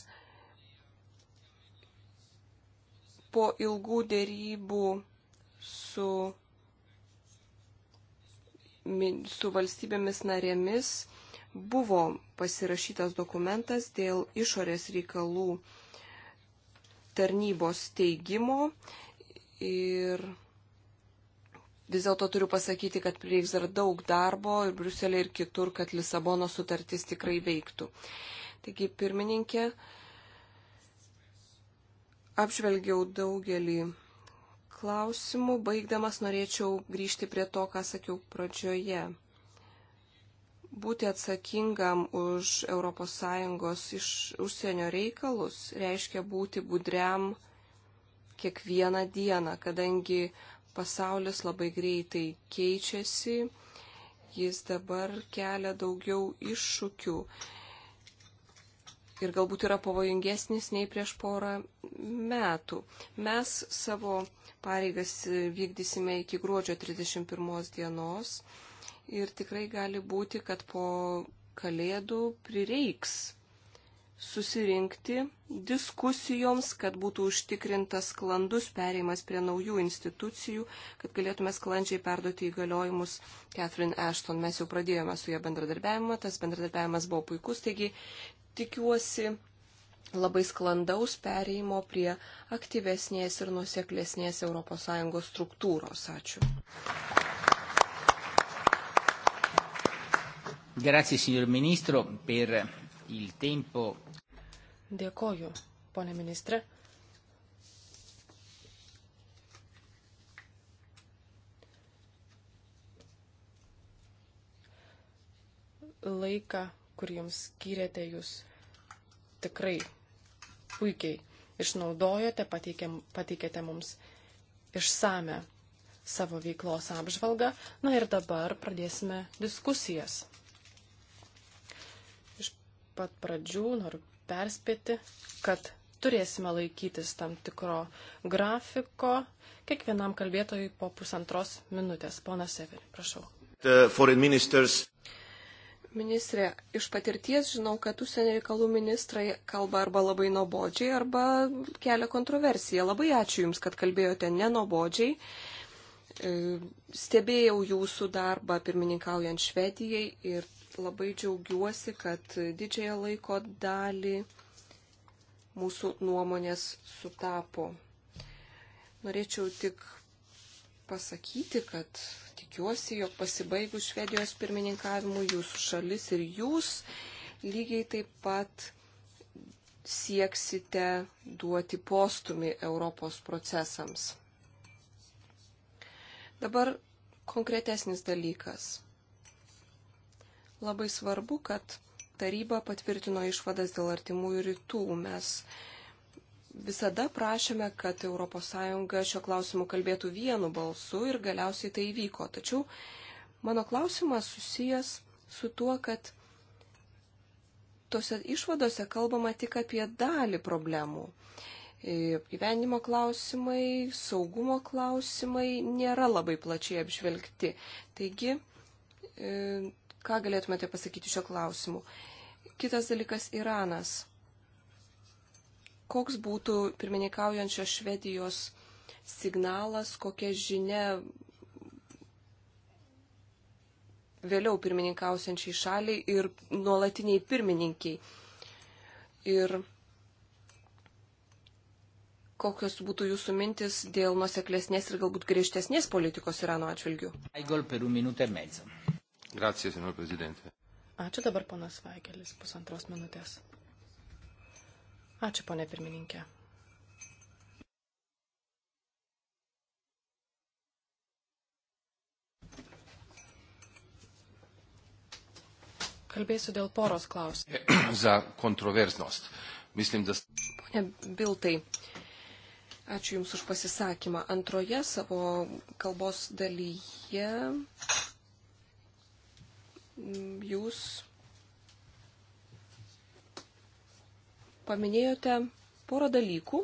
Po ilgų dėrybų su su valstybėmis narėmis buvo pasirašytas dokumentas dėl išorės reikalų tarnybos teigimo ir vis dėlto turiu pasakyti, kad prireiks dar daug darbo ir Bruselė ir kitur, kad Lisabono sutartis tikrai veiktų. Taigi, pirmininkė, apžvelgiau daugelį klausimų. Baigdamas norėčiau grįžti prie to, ką sakiau pradžioje. Būti atsakingam už ES iš užsienio reikalus reiškia būti budriam kiekvieną dieną, kadangi pasaulis labai greitai keičiasi, jis dabar kelia daugiau iššūkių ir galbūt yra pavojingesnis nei prieš porą metų. Mes savo pareigas vykdysime iki gruodžio 31 dienos ir tikrai gali būti, kad po kalėdų prireiks susirinkti diskusijoms, kad būtų užtikrintas sklandus pereimas prie naujų institucijų, kad galėtume sklandžiai perduoti įgaliojimus Catherine Ashton. Mes jau pradėjome su ją bendradarbiavimą, tas bendradarbiavimas buvo puikus, taigi tikiuosi labai sklandaus pereimo prie aktyvesnės ir nuseklesnės ES struktūros. Ačiū. Grazie, signor Ministro, per il tempo. Dėkoju, ponė ministrė. laiką kurį jums skyrėte, jūs tikrai puikiai išnaudojote, pateikė, pateikėte mums išsame savo veiklos apžvalgą. Na ir dabar pradėsime diskusijas. Iš pat pradžių noriu perspėti, kad turėsime laikytis tam tikro grafiko. Kiekvienam kalbėtojui po pusantros minutės. Pona Severin, prašau. The foreign ministers Ministrė, iš patirties žinau, kad užsienio reikalų ministrai kalba arba labai nuobodžiai, arba kelia kontroversiją. Labai ačiū Jums, kad kalbėjote nenobodžiai. E, stebėjau Jūsų darbą pirmininkaujant Švedijai ir labai džiaugiuosi, kad didžiąją laiko dalį mūsų nuomonės sutapo. Norėčiau tik pasakyti, kad tikiuosi, jog pasibaigus Švedijos pirmininkavimu jūsų šalis ir jūs lygiai taip pat sieksite duoti postumį Europos procesams. Dabar konkretesnis dalykas. Labai svarbu, kad taryba patvirtino išvadas dėl artimųjų rytų. Mes visada prašėme, kad ES šio klausimu kalbėtų vienu balsu ir galiausiai tai įvyko. Tačiau mano klausimas susijęs su tuo, kad tose išvadose kalbama tik apie dalį problemų. E, gyvenimo klausimai, saugumo klausimai nėra labai plačiai apžvelgti. Taigi, e, ką galėtumėte pasakyti šio klausimu? Kitas dalykas - Iranas koks būtų pirmininkaujančios Švedijos signalas, kokia žinia vėliau pirmininkausiančiai šaliai ir nuolatiniai pirmininkiai. Ir kokios būtų jūsų mintis dėl nuseklesnės ir galbūt griežtesnės politikos Irano atžvilgių? E Grazie, senor prezidente. Ačiū dabar, ponas Vaigelis, pusantros minutės. Ačiū, ponė pirmininkė. Kalbėsiu dėl poros klausimų. Za kontroversnost. Mislim, da. Pone Biltai, ačiū Jums už pasisakymą. Antroje savo kalbos dalyje Jūs paminėjote porą dalykų,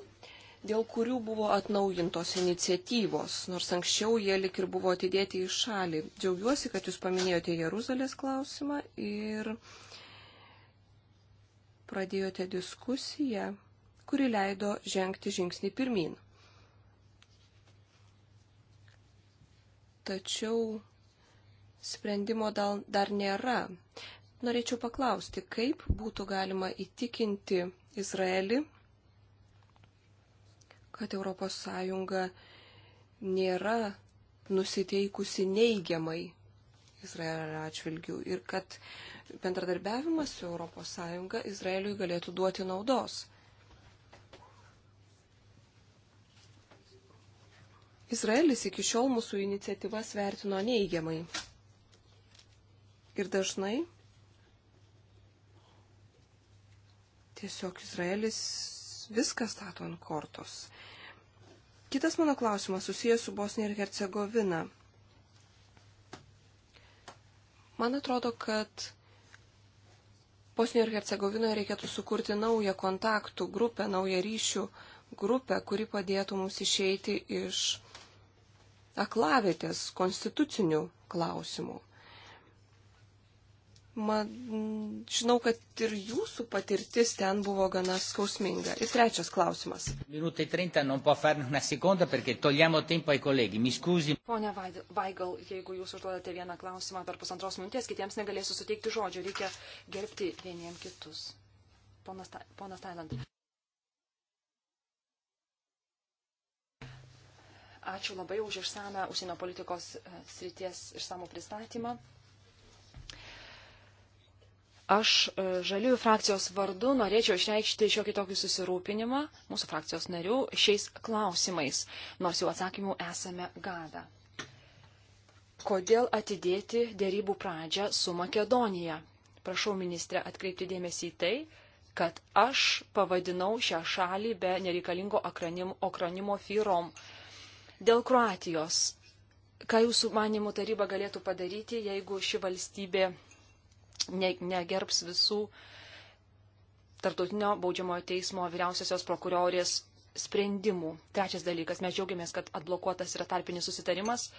dėl kurių buvo atnaujintos iniciatyvos, nors anksčiau jie lik ir buvo atidėti į šalį. Džiaugiuosi, kad jūs paminėjote Jeruzalės klausimą ir pradėjote diskusiją, kuri leido žengti žingsnį pirmin. Tačiau sprendimo dar nėra. Norėčiau paklausti, kaip būtų galima įtikinti Izraelį, kad ES nėra nusiteikusi neigiamai Izraelio atžvilgių ir kad bendradarbiavimas su ES Izraeliui galėtų duoti naudos. Izraelis iki šiol mūsų iniciatyvas vertino neigiamai. Ir dažnai Tiesiog Izraelis viską stato ant kortos. Kitas mano klausimas susijęs su Bosnija ir Hercegovina. Man atrodo, kad Bosnijoje ir Hercegovinoje reikėtų sukurti naują kontaktų grupę, naują ryšių grupę, kuri padėtų mums išeiti iš aklavėtės konstitucinių klausimų. Man, žinau, kad ir jūsų patirtis ten buvo gana skausminga. Ir trečias klausimas. Minutė 30, e non può farne una seconda perché togliamo tempo ai colleghi. Mi scusi. Pone Vaigal, jeigu jūs užduodate vieną klausimą per pusantros minutės, kitiems negalėsiu suteikti žodžio. Reikia gerbti vieniem kitus. Ponas, ponas Tailand. Ačiū labai už išsame užsienio politikos e, srities išsamų pristatymą. Aš e, žaliųjų frakcijos vardu norėčiau išreikšti šiokį tokį susirūpinimą mūsų frakcijos narių šiais klausimais, nors jau atsakymų esame gada. Kodėl atidėti dėrybų pradžią su Makedonija? Prašau ministrę atkreipti dėmesį į tai, kad aš pavadinau šią šalį be nereikalingo akronimo, akronimo firom. Dėl Kroatijos. Ką jūsų manimų taryba galėtų padaryti, jeigu ši valstybė negerbs visų tartutinio baudžiamojo teismo vyriausiosios prokurorės sprendimų. Trečias dalykas, mes džiaugiamės, kad atblokuotas yra tarpinis susitarimas,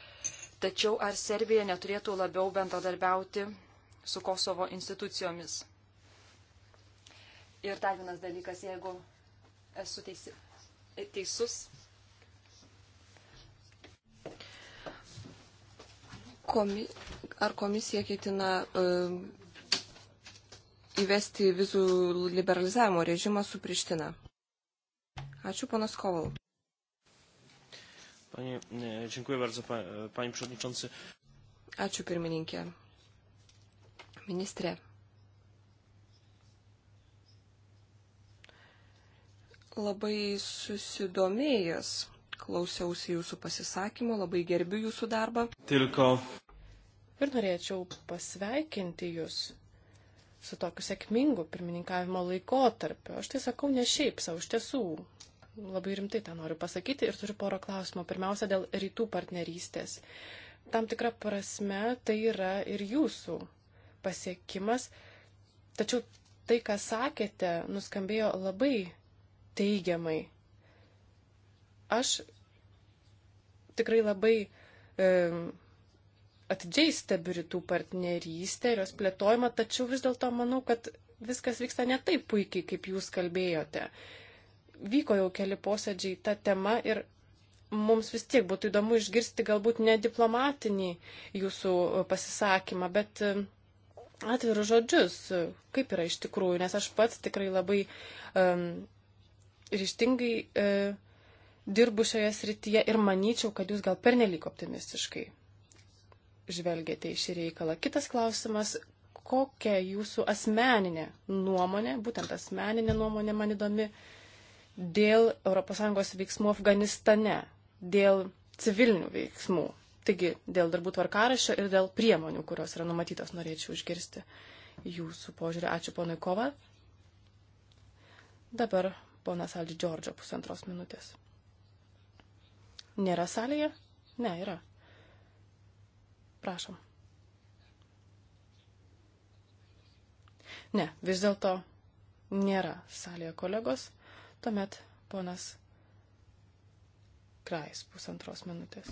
tačiau ar Serbija neturėtų labiau bendradarbiauti su Kosovo institucijomis? Ir dar vienas dalykas, jeigu esu teisi, teisus. Komi, ar komisija ketina uh, įvesti vizų liberalizavimo režimą su Priština. Ačiū, ponas Koval. Panie, e, dziękuję bardzo, e, panie przewodniczący. Ačiū, pirmininkė. Ministrė. Labai susidomėjęs klausiausi jūsų pasisakymo, labai gerbiu jūsų darbą. Tilko. Ir norėčiau pasveikinti jūs su tokiu sėkmingu pirmininkavimo laikotarpiu. Aš tai sakau ne šiaip savo, iš tiesų. Labai rimtai tą noriu pasakyti ir turiu porą klausimų. Pirmiausia, dėl rytų partnerystės. Tam tikra prasme tai yra ir jūsų pasiekimas, tačiau tai, ką sakėte, nuskambėjo labai teigiamai. Aš tikrai labai e, atidžiai stebiu rytų partnerystę ir jos plėtojimą, tačiau vis dėlto manau, kad viskas vyksta ne taip puikiai, kaip jūs kalbėjote. Vyko jau keli posėdžiai tą temą ir mums vis tiek būtų įdomu išgirsti galbūt ne diplomatinį jūsų pasisakymą, bet e, atvirus žodžius, kaip yra iš tikrųjų, nes aš pats tikrai labai um, ryštingai uh, dirbu šioje srityje ir manyčiau, kad jūs gal pernelyg optimistiškai žvelgiate į šį reikalą. Kitas klausimas, kokia jūsų asmeninė nuomonė, būtent asmeninė nuomonė man įdomi, dėl ES veiksmų Afganistane, dėl civilinių veiksmų. Taigi, dėl darbų tvarkarašio ir dėl priemonių, kurios yra numatytos, norėčiau išgirsti jūsų požiūrį. Ačiū ponui Kova. Dabar ponas Aldži Džordžio pusantros minutės. Nėra salėje? Ne, yra. Prašom. Ne, vis dėlto nėra salėje kolegos. Tuomet ponas Krais pusantros minutės.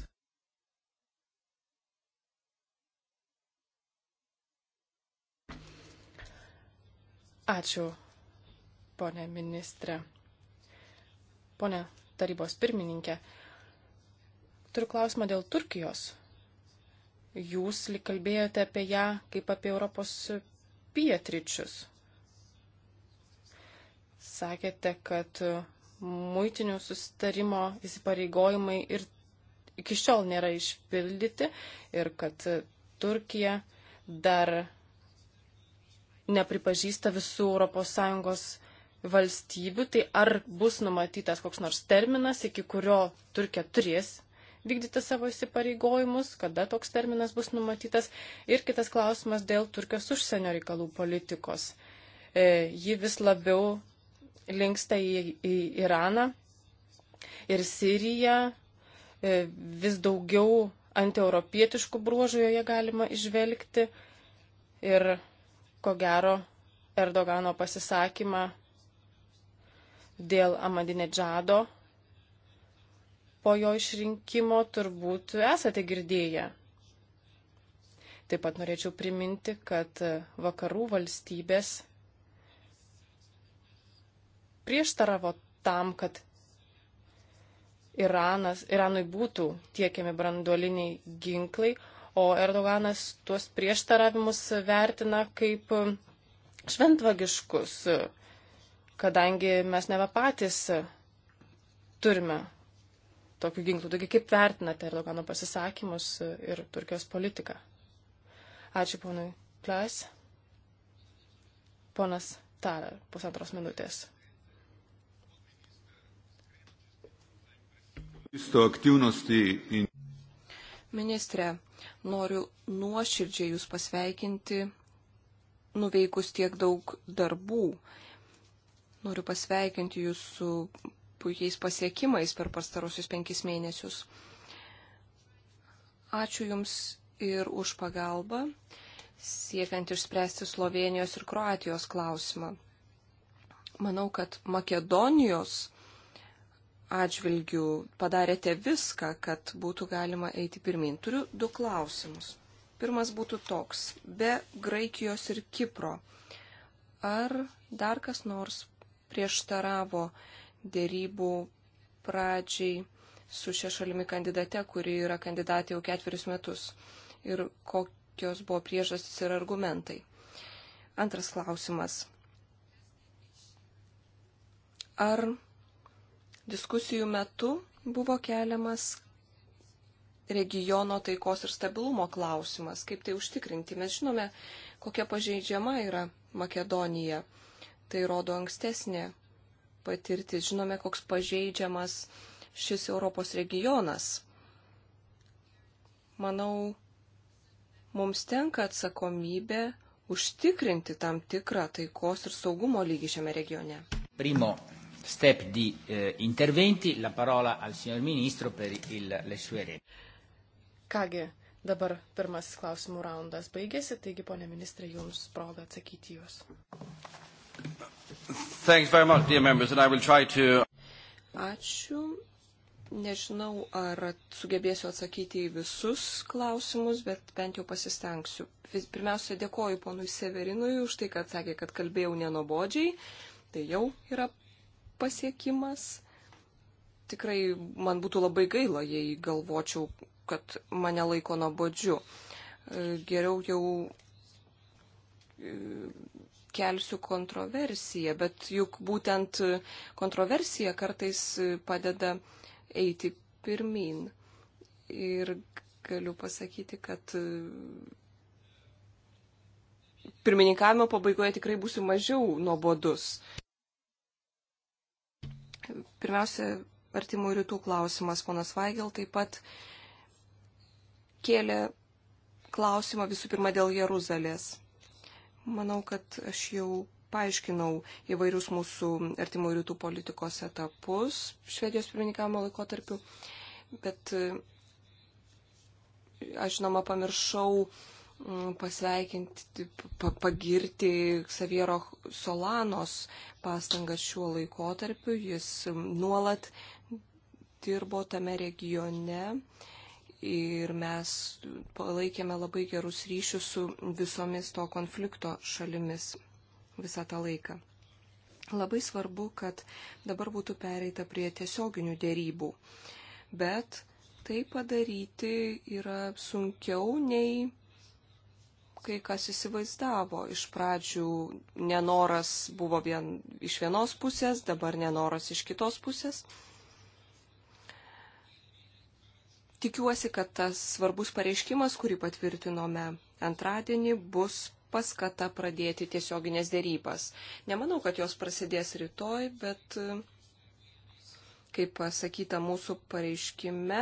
Ačiū, ponė ministrė. Pone tarybos pirmininkė, turiu klausimą dėl Turkijos Jūs kalbėjote apie ją kaip apie Europos pietričius. Sakėte, kad muitinių sustarimo įsipareigojimai ir iki šiol nėra išpildyti ir kad Turkija dar nepripažįsta visų ES valstybių, tai ar bus numatytas koks nors terminas, iki kurio Turkija turės vykdyti savo įsipareigojimus, kada toks terminas bus numatytas. Ir kitas klausimas dėl Turkijos užsienio reikalų politikos. E, ji vis labiau linksta į, į Iraną ir Siriją. E, vis daugiau antieuropietiškų bruožų joje galima išvelgti. Ir ko gero Erdogano pasisakymą dėl Amadinė Džado po jo išrinkimo turbūt esate girdėję. Taip pat norėčiau priminti, kad vakarų valstybės prieštaravo tam, kad Iranas, Iranui būtų tiekiami branduoliniai ginklai, o Erdoganas tuos prieštaravimus vertina kaip šventvagiškus, kadangi mes nebe patys turime tokių ginklų. Taigi kaip vertinate Erdogano pasisakymus ir Turkijos politiką? Ačiū ponui Kles. Ponas Tarar, pusantros minutės. Ministre, noriu nuoširdžiai Jūs pasveikinti, nuveikus tiek daug darbų. Noriu pasveikinti Jūs su puikiais pasiekimais per pastarusius penkis mėnesius. Ačiū Jums ir už pagalbą, siekiant išspręsti Slovenijos ir Kroatijos klausimą. Manau, kad Makedonijos atžvilgių padarėte viską, kad būtų galima eiti pirmin. Turiu du klausimus. Pirmas būtų toks. Be Graikijos ir Kipro. Ar dar kas nors prieštaravo dėrybų pradžiai su šia šalimi kandidate, kuri yra kandidatė jau ketverius metus ir kokios buvo priežastys ir argumentai. Antras klausimas. Ar diskusijų metu buvo keliamas regiono taikos ir stabilumo klausimas, kaip tai užtikrinti? Mes žinome, kokia pažeidžiama yra Makedonija. Tai rodo ankstesnė patirtis. Žinome, koks pažeidžiamas šis Europos regionas. Manau, mums tenka atsakomybė užtikrinti tam tikrą taikos ir saugumo lygį šiame regione. Primo step di eh, interventi, la parola al signor ministro per il, le sue repliche. Kągi, dabar pirmasis klausimų raundas baigėsi, taigi, ponė ministrė, jums proga atsakyti juos. Much, members, to... Ačiū. Nežinau, ar sugebėsiu atsakyti į visus klausimus, bet bent jau pasistengsiu. Pirmiausia, dėkoju ponui Severinui už tai, kad sakė, kad kalbėjau nenobodžiai. Tai jau yra pasiekimas. Tikrai man būtų labai gaila, jei galvočiau, kad mane laiko nuobodžiu. Geriau jau kelsiu kontroversiją, bet juk būtent kontroversija kartais padeda eiti pirmin. Ir galiu pasakyti, kad pirmininkavimo pabaigoje tikrai būsiu mažiau nuobodus. Pirmiausia, artimų rytų klausimas. Ponas Vaigel taip pat kėlė klausimą visų pirma dėl Jeruzalės. Manau, kad aš jau paaiškinau įvairius mūsų artimų rytų politikos etapus Švedijos pirmininkavimo laikotarpiu, bet e, aš žinoma pamiršau mm, pasveikinti, pagirti Xaviero Solanos pastangas šiuo laikotarpiu. Jis mm, nuolat dirbo tame regione ir mes palaikėme labai gerus ryšius su visomis to konflikto šalimis visą tą laiką. Labai svarbu, kad dabar būtų pereita prie tiesioginių dėrybų, bet tai padaryti yra sunkiau nei kai kas įsivaizdavo. Iš pradžių nenoras buvo vien iš vienos pusės, dabar nenoras iš kitos pusės. Tikiuosi, kad tas svarbus pareiškimas, kurį patvirtinome antradienį, bus paskata pradėti tiesioginės dėrybas. Nemanau, kad jos prasidės rytoj, bet, kaip pasakyta mūsų pareiškime,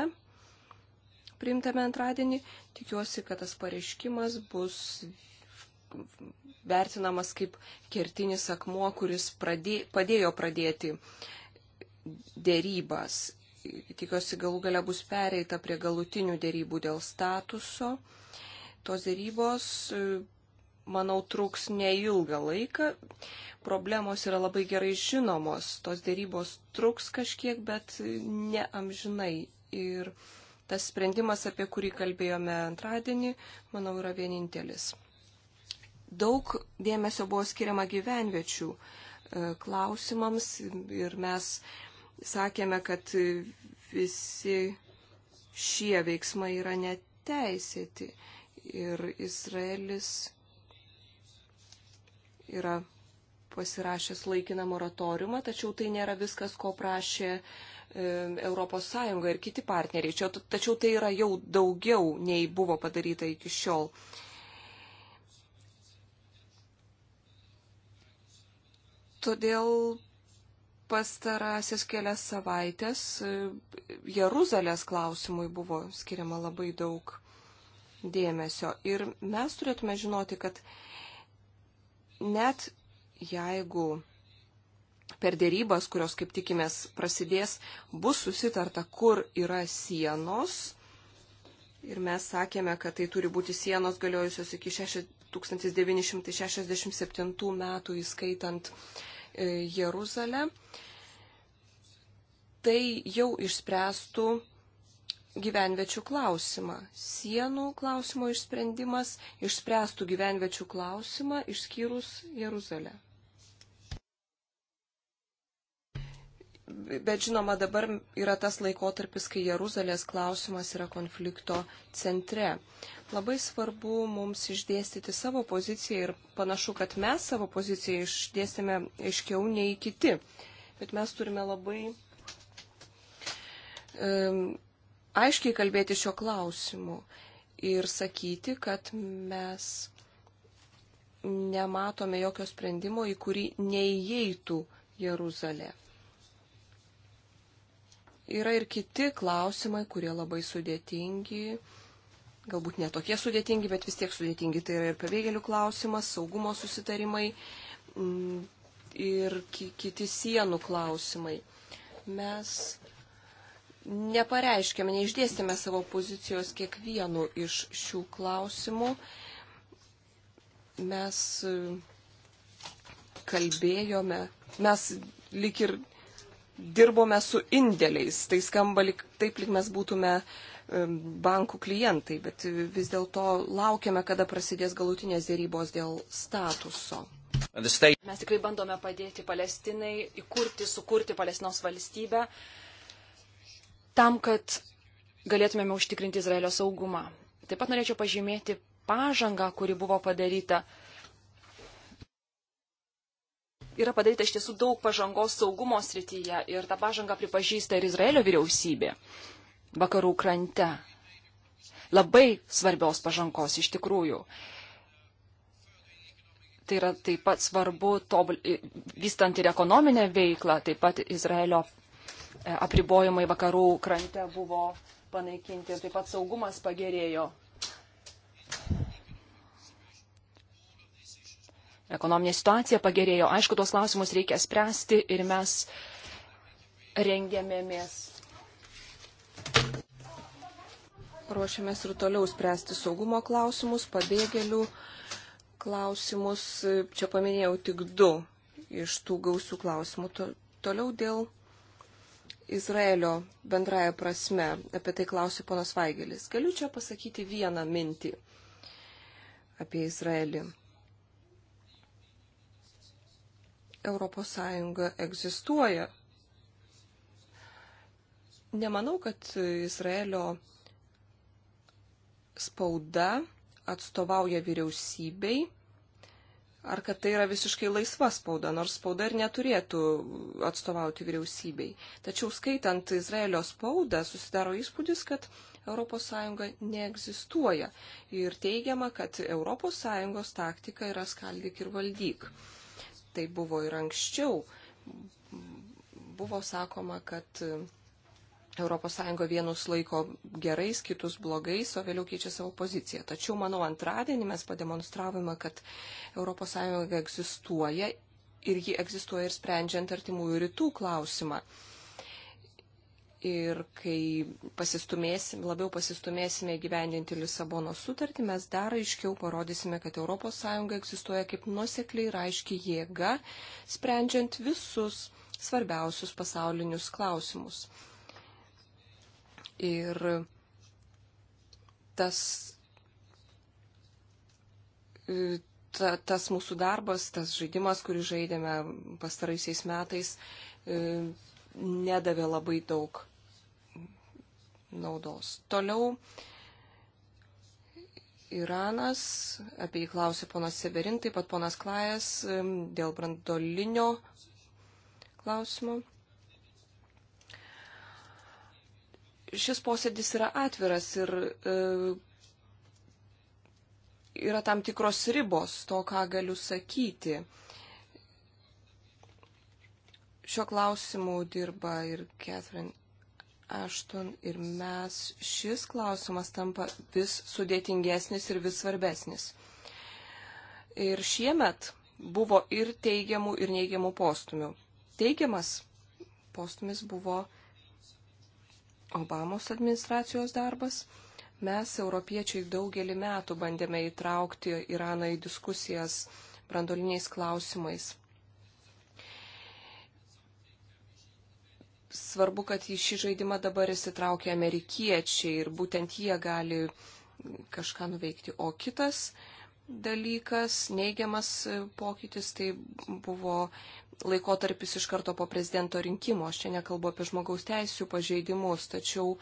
priimtame antradienį, tikiuosi, kad tas pareiškimas bus vertinamas kaip kertinis akmuo, kuris pradė, padėjo pradėti dėrybas tikiuosi galų gale bus pereita prie galutinių dėrybų dėl statuso. Tos dėrybos, manau, truks neilgą laiką. Problemos yra labai gerai žinomos. Tos dėrybos truks kažkiek, bet ne amžinai. Ir tas sprendimas, apie kurį kalbėjome antradienį, manau, yra vienintelis. Daug dėmesio buvo skiriama gyvenviečių e, klausimams ir mes sakėme, kad visi šie veiksmai yra neteisėti ir Izraelis yra pasirašęs laikiną moratoriumą, tačiau tai nėra viskas, ko prašė ES ir kiti partneriai. Čia, tačiau tai yra jau daugiau, nei buvo padaryta iki šiol. Todėl pastarasis kelias savaitės e, Jeruzalės klausimui buvo skiriama labai daug dėmesio. Ir mes turėtume žinoti, kad net jeigu per dėrybas, kurios kaip tikimės prasidės, bus susitarta, kur yra sienos. Ir mes sakėme, kad tai turi būti sienos galiojusios iki 1967 metų, įskaitant uh, Jeruzalę, tai jau išspręstų gyvenviečių klausimą. Sienų klausimo išsprendimas išspręstų gyvenviečių klausimą išskyrus Jeruzalę. bet žinoma dabar yra tas laikotarpis, kai Jeruzalės klausimas yra konflikto centre. Labai svarbu mums išdėstyti savo poziciją ir panašu, kad mes savo poziciją išdėstėme aiškiau nei kiti. Bet mes turime labai um, aiškiai kalbėti šio klausimu ir sakyti, kad mes nematome jokio sprendimo, į kurį neįeitų Jeruzalė yra ir kiti klausimai, kurie labai sudėtingi, galbūt netokie sudėtingi, bet vis tiek sudėtingi. Tai yra ir pabėgėlių klausimas, saugumo susitarimai mm, ir kiti sienų klausimai. Mes nepareiškėme, neišdėstėme savo pozicijos kiekvienu iš šių klausimų. Mes e, kalbėjome, mes lik ir dirbome su indėliais. Tai skamba lik, taip, lyg mes būtume bankų klientai, bet vis dėlto laukiame, kada prasidės galutinės dėrybos dėl statuso. Mes tikrai bandome padėti Palestinai, įkurti, sukurti Palestinos valstybę, tam, kad galėtumėme užtikrinti Izraelio saugumą. Taip pat norėčiau pažymėti pažangą, kuri buvo padaryta yra padaryta iš tiesų daug pažangos saugumo srityje ir tą pažangą pripažįsta ir Izraelio vyriausybė vakarų krante. Labai svarbios pažangos iš tikrųjų. Tai yra taip pat svarbu, tobul, vystant ir ekonominę veiklą, taip pat Izraelio e, apribojimai vakarų krante buvo panaikinti ir taip pat saugumas pagerėjo ekonominė situacija pagerėjo. Aišku, tuos klausimus reikia spręsti ir mes rengiamėmės. Ruošiamės ir toliau spręsti saugumo klausimus, pabėgėlių klausimus. Čia paminėjau tik du iš tų gausių klausimų. To, toliau dėl Izraelio bendraja prasme, apie tai klausė ponas Vaigelis. Galiu čia pasakyti vieną mintį apie Izraelį. ES egzistuoja. Nemanau, kad Izraelio spauda atstovauja vyriausybei ar kad tai yra visiškai laisva spauda, nors spauda ir neturėtų atstovauti vyriausybei. Tačiau skaitant Izraelio spaudą susidaro įspūdis, kad ES neegzistuoja ir teigiama, kad ES taktika yra skaldyk ir valdyk tai buvo ir anksčiau, buvo sakoma, kad ES vienus laiko gerais, kitus blogais, o vėliau keičia savo poziciją. Tačiau, manau, antradienį mes pademonstravome, kad ES egzistuoja ir ji egzistuoja ir sprendžiant artimųjų rytų klausimą ir kai pasistumėsim, labiau pasistumėsime gyvendinti Lisabono sutartį, mes dar aiškiau parodysime, kad ES egzistuoja kaip nusekliai ir aiški jėga, sprendžiant visus svarbiausius pasaulinius klausimus. Ir tas, ta, tas mūsų darbas, tas žaidimas, kurį žaidėme pastaraisiais metais, nedavė labai daug naudos. Toliau Iranas, apie jį klausė ponas Severin, taip pat ponas Klajas dėl brandolinio klausimo. Šis posėdis yra atviras ir e, yra tam tikros ribos to, ką galiu sakyti. Šio klausimu dirba ir Catherine Aštun ir mes šis klausimas tampa vis sudėtingesnis ir vis svarbesnis. Ir šiemet buvo ir teigiamų, ir neigiamų postumių. Teigiamas postumis buvo Obamos administracijos darbas. Mes, europiečiai, daugelį metų bandėme įtraukti Iraną į diskusijas brandoliniais klausimais. svarbu, kad į šį žaidimą dabar įsitraukia amerikiečiai ir būtent jie gali kažką nuveikti. O kitas dalykas, neigiamas pokytis, tai buvo laikotarpis iš karto po prezidento rinkimo. Aš čia nekalbu apie žmogaus teisų pažeidimus, tačiau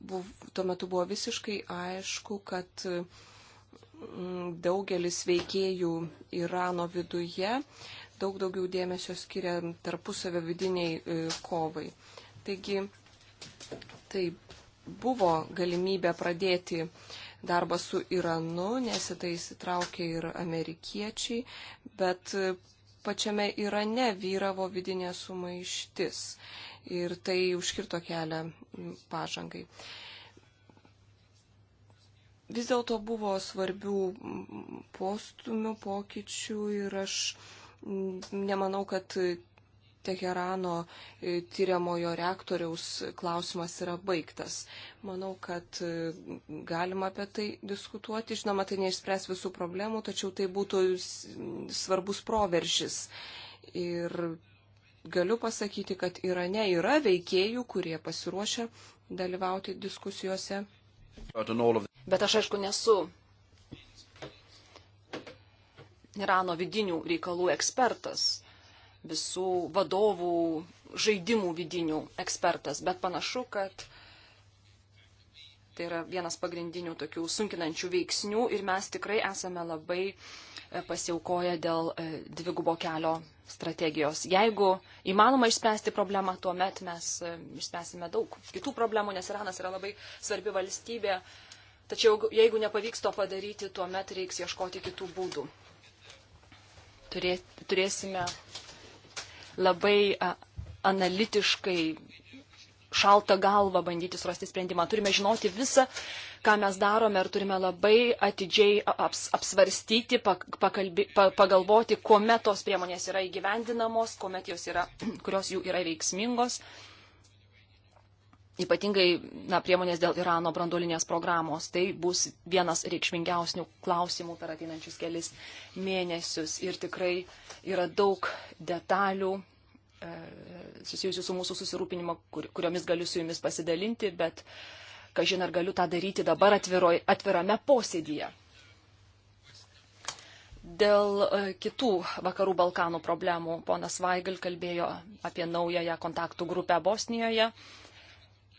buv, tuo metu buvo visiškai aišku, kad mm, daugelis veikėjų Irano viduje daug daugiau dėmesio skiria tarpusavio vidiniai e, kovai. Taigi, tai buvo galimybė pradėti darbą su Iranu, nes į tai įsitraukė ir amerikiečiai, bet e, pačiame Irane vyravo vidinė sumaištis ir tai užkirto kelią pažangai. Vis dėlto buvo svarbių postumių, pokyčių ir aš nemanau, kad Teherano e, tyriamojo reaktoriaus klausimas yra baigtas. Manau, kad e, galima apie tai diskutuoti. Žinoma, tai neišspręs visų problemų, tačiau tai būtų svarbus proveržis. Ir galiu pasakyti, kad Irane yra veikėjų, kurie pasiruošia dalyvauti diskusijose. Bet aš aišku nesu Irano vidinių reikalų ekspertas, visų vadovų žaidimų vidinių ekspertas, bet panašu, kad tai yra vienas pagrindinių tokių sunkinančių veiksnių ir mes tikrai esame labai e, pasiaukoję dėl e, dvigubo kelio strategijos. Jeigu įmanoma išspręsti problemą, tuomet mes e, išspręsime daug kitų problemų, nes Iranas yra labai svarbi valstybė. Tačiau jeigu nepavyks to padaryti, tuomet reiks ieškoti kitų būdų turėsime labai analitiškai šaltą galvą bandyti surasti sprendimą. Turime žinoti visą, ką mes darome ir turime labai atidžiai aps, apsvarstyti, pakalbi, pagalvoti, kuomet tos priemonės yra įgyvendinamos, kuomet jos yra, kurios jų yra veiksmingos ypatingai na, priemonės dėl Irano brandolinės programos. Tai bus vienas reikšmingiausių klausimų per ateinančius kelis mėnesius. Ir tikrai yra daug detalių e, susijusių su mūsų susirūpinimo, kur, kuriomis galiu su jumis pasidalinti, bet kažin ar galiu tą daryti dabar atviroj, atvirame posėdyje. Dėl e, kitų vakarų Balkanų problemų ponas Vaigel kalbėjo apie naująją kontaktų grupę Bosnijoje. E,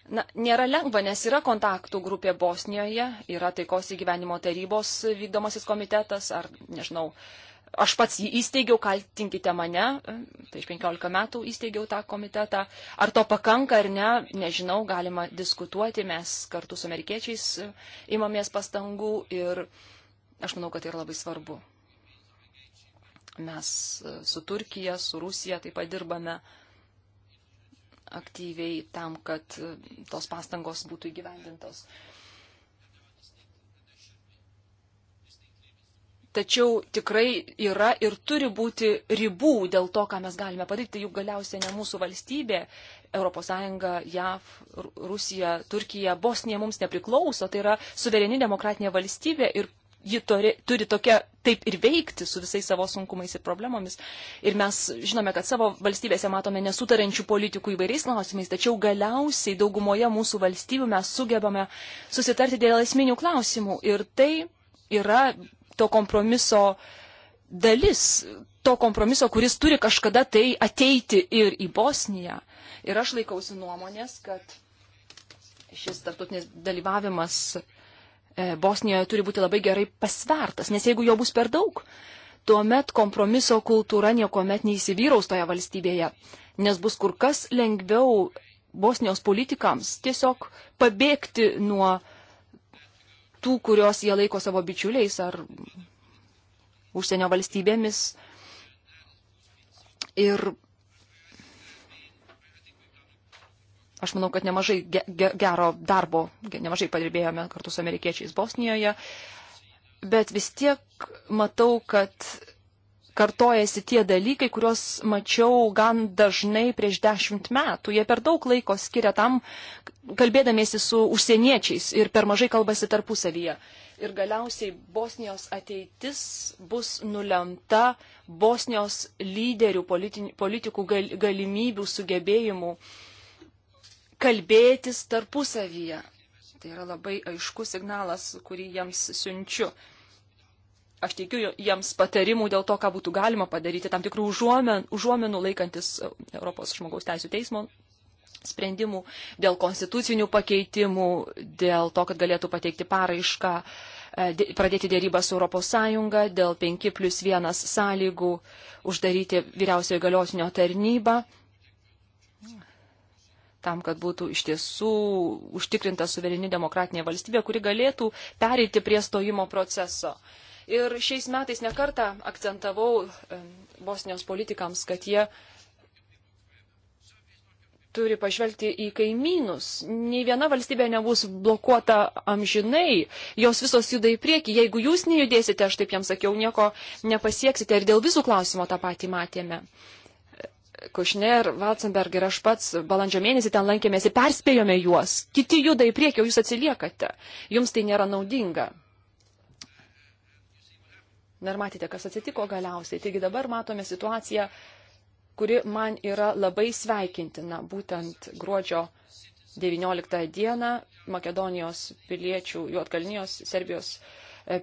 Na, nėra lengva, nes yra kontaktų grupė Bosnijoje, yra taikos įgyvenimo tarybos vykdomasis komitetas, ar nežinau, aš pats jį įsteigiau, kaltinkite mane, prieš 15 metų įsteigiau tą komitetą. Ar to pakanka ar ne, nežinau, galima diskutuoti, mes kartu su amerikiečiais imamės pastangų ir aš manau, kad tai yra labai svarbu. Mes su Turkija, su Rusija taip pat dirbame. Uh, aktyviai tam, kad tos pastangos būtų įgyvendintos. Tačiau tikrai yra ir turi būti ribų dėl to, ką mes galime padaryti, juk galiausiai ne mūsų valstybė, ES, JAV, Rusija, Turkija, Bosnija mums nepriklauso, tai yra suvereni demokratinė valstybė ir ji turi, turi tokia taip ir veikti su visais savo sunkumais ir problemomis. Ir mes žinome, kad savo valstybėse matome nesutarančių politikų įvairiais klausimais, tačiau galiausiai daugumoje mūsų valstybių mes sugebame susitarti dėl esminių klausimų. Ir tai yra to kompromiso dalis, to kompromiso, kuris turi kažkada tai ateiti ir į Bosniją. Ir aš laikausi nuomonės, kad šis tartutinis dalyvavimas E, Bosnijoje turi būti labai gerai pasvertas, nes jeigu jo bus per daug, tuomet kompromiso kultūra niekuomet neįsivyraus toje valstybėje, nes bus kur kas lengviau Bosnijos politikams tiesiog pabėgti nuo tų, kurios jie laiko savo bičiuliais ar užsienio valstybėmis ir Aš manau, kad nemažai ge ge gero darbo, nemažai padirbėjome kartu su amerikiečiais Bosnijoje, bet vis tiek matau, kad kartojasi tie dalykai, kuriuos mačiau gan dažnai prieš dešimt metų. Jie per daug laiko skiria tam, kalbėdamiesi su užsieniečiais ir per mažai kalbasi tarpusavyje. Ir galiausiai Bosnijos ateitis bus nulemta Bosnijos lyderių, politikų galimybių, sugebėjimų uh, kalbėtis tarpusavyje. Tai yra labai aiškus signalas, kurį jiems siunčiu. Aš teikiu jiems patarimų dėl to, ką būtų galima padaryti, tam tikrų užuomenų laikantis Europos žmogaus teisų teismo sprendimų, dėl konstitucinių pakeitimų, dėl to, kad galėtų pateikti paraišką, e, pradėti dėrybą su ES, dėl 5 plus 1 sąlygų uždaryti vyriausiojo galiotinio tarnybą tam, kad būtų iš tiesų užtikrinta suvereni demokratinė valstybė, kuri galėtų pereiti prie stojimo proceso. Ir šiais metais nekartą akcentavau Bosnijos politikams, kad jie turi pažvelgti į kaimynus. Nei viena valstybė nebus blokuota amžinai, jos visos juda į priekį. Jeigu jūs nejudėsite, aš taip jam sakiau, nieko nepasieksite. Ir dėl vizų klausimo tą patį matėme. Kušner, Valcenberg ir aš pats balandžio mėnesį ten lankėmės ir perspėjome juos. Kiti juda į priekį, o jūs atsiliekate. Jums tai nėra naudinga. Ir matėte, kas atsitiko galiausiai. Taigi dabar matome situaciją, kuri man yra labai sveikintina. Būtent gruodžio 19 dieną Makedonijos piliečių, Juotkalnijos, Serbijos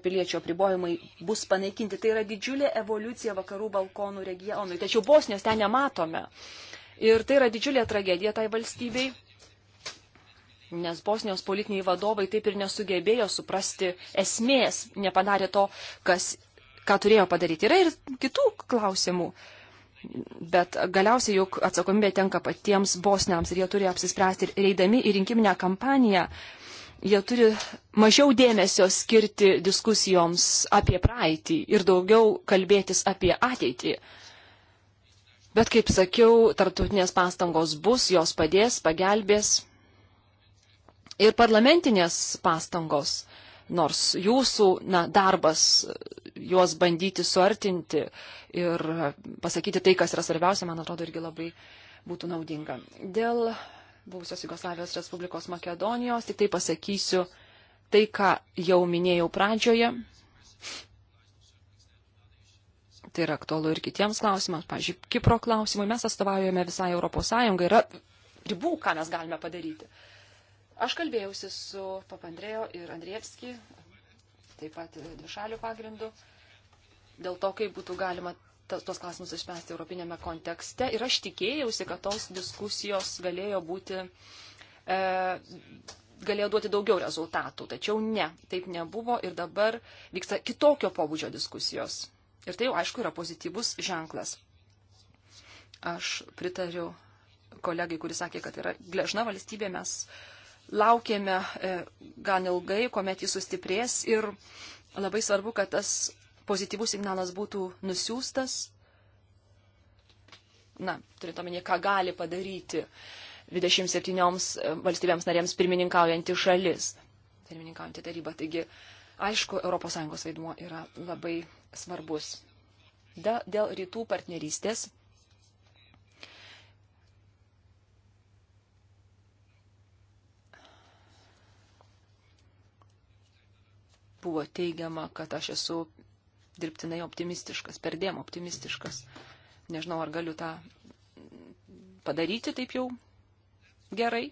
piliečio pribojimai bus panaikinti. Tai yra didžiulė evoliucija vakarų Balkonų regionui. Tačiau Bosnijos ten nematome. Ir tai yra didžiulė tragedija tai valstybei, nes Bosnijos politiniai vadovai taip ir nesugebėjo suprasti esmės, nepadarė to, kas, ką turėjo padaryti. Yra ir kitų klausimų. Bet galiausiai juk atsakomybė tenka patiems bosniams ir jie turi apsispręsti ir eidami į rinkiminę kampaniją. Uh, jie turi mažiau dėmesio skirti diskusijoms apie praeitį ir daugiau kalbėtis apie ateitį. Bet, kaip sakiau, tartutinės pastangos bus, jos padės, pagelbės ir parlamentinės pastangos, nors jūsų na, darbas juos bandyti suartinti ir pasakyti tai, kas yra svarbiausia, man atrodo, irgi labai būtų naudinga. Dėl buvusios Jugoslavijos Respublikos Makedonijos. Tik tai pasakysiu tai, ką jau minėjau pradžioje. Tai yra aktualu ir kitiems klausimams. Pavyzdžiui, Kipro klausimui mes atstovaujame visai Europos Sąjungai. Yra ribų, ką mes galime padaryti. Aš kalbėjausi su Papandrėjo ir Andrievski, taip pat dvišalių pagrindų, dėl to, kaip būtų galima tos klausimus išspręsti europinėme kontekste. Ir aš tikėjausi, kad tos diskusijos galėjo būti, e, galėjo duoti daugiau rezultatų. Tačiau ne, taip nebuvo ir dabar vyksta kitokio pobūdžio diskusijos. Ir tai jau, aišku, yra pozityvus ženklas. Aš pritariu kolegai, kuris sakė, kad yra gležna valstybė, mes laukėme e, gan ilgai, kuomet jis sustiprės ir labai svarbu, kad tas pozityvus signalas būtų nusiųstas, na, turint omenyje, ką gali padaryti 27 e, valstybėms narėms pirmininkaujanti šalis, pirmininkaujanti taryba. Taigi, aišku, ES vaidmuo yra labai svarbus. Da, dėl rytų partnerystės. Buvo teigiama, kad aš esu dirbtinai optimistiškas, perdėm optimistiškas. Nežinau, ar galiu tą padaryti taip jau gerai.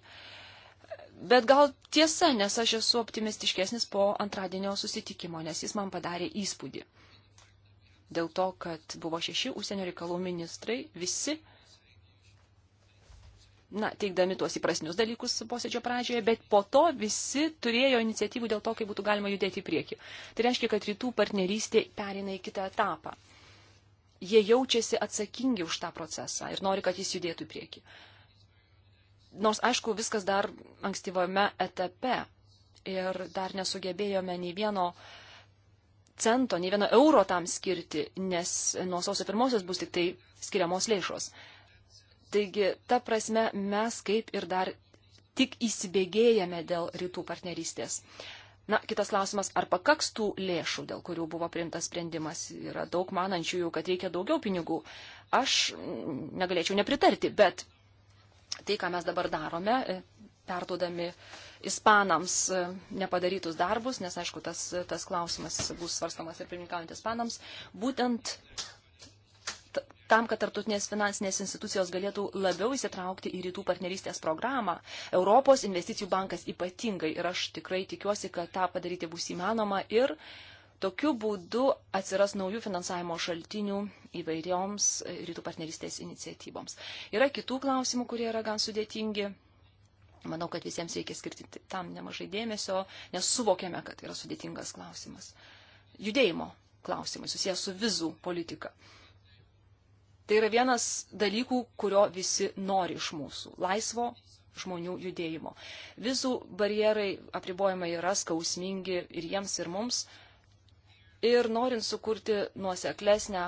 Bet gal tiesa, nes aš esu optimistiškesnis po antradienio susitikimo, nes jis man padarė įspūdį. Dėl to, kad buvo šeši užsienio reikalų ministrai, visi na, teikdami tuos įprasnius dalykus posėdžio pradžioje, bet po to visi turėjo iniciatyvų dėl to, kaip būtų galima judėti į priekį. Tai reiškia, kad rytų partnerystė perina į kitą etapą. Jie jaučiasi atsakingi už tą procesą ir nori, kad jis judėtų į priekį. Nors, aišku, viskas dar ankstyvame etape ir dar nesugebėjome nei vieno cento, nei vieno euro tam skirti, nes nuo sausio pirmosios bus tik tai skiriamos lėšos. Taigi, ta prasme, mes kaip ir dar tik įsibėgėjame dėl rytų partnerystės. Na, kitas klausimas, ar pakaks tų lėšų, dėl kurių buvo priimtas sprendimas? Yra daug manančiųjų, kad reikia daugiau pinigų. Aš negalėčiau nepritarti, bet tai, ką mes dabar darome, perdodami ispanams nepadarytus darbus, nes aišku, tas, tas klausimas bus svarstamas ir pirmininkaujant ispanams, būtent tam, kad tartutinės finansinės institucijos galėtų labiau įsitraukti į rytų partnerystės programą. Europos investicijų bankas ypatingai ir aš tikrai tikiuosi, kad tą padaryti bus įmanoma ir tokiu būdu atsiras naujų finansavimo šaltinių įvairioms rytų partnerystės iniciatyvoms. Yra kitų klausimų, kurie yra gan sudėtingi. Manau, kad visiems reikia skirti tam nemažai dėmesio, nes suvokiame, kad yra sudėtingas klausimas. Judėjimo klausimai susijęs su vizų politika. Tai yra vienas dalykų, kurio visi nori iš mūsų - laisvo žmonių judėjimo. Vizų barjerai apribojimai yra skausmingi ir jiems, ir mums. Ir norint sukurti nuoseklesnę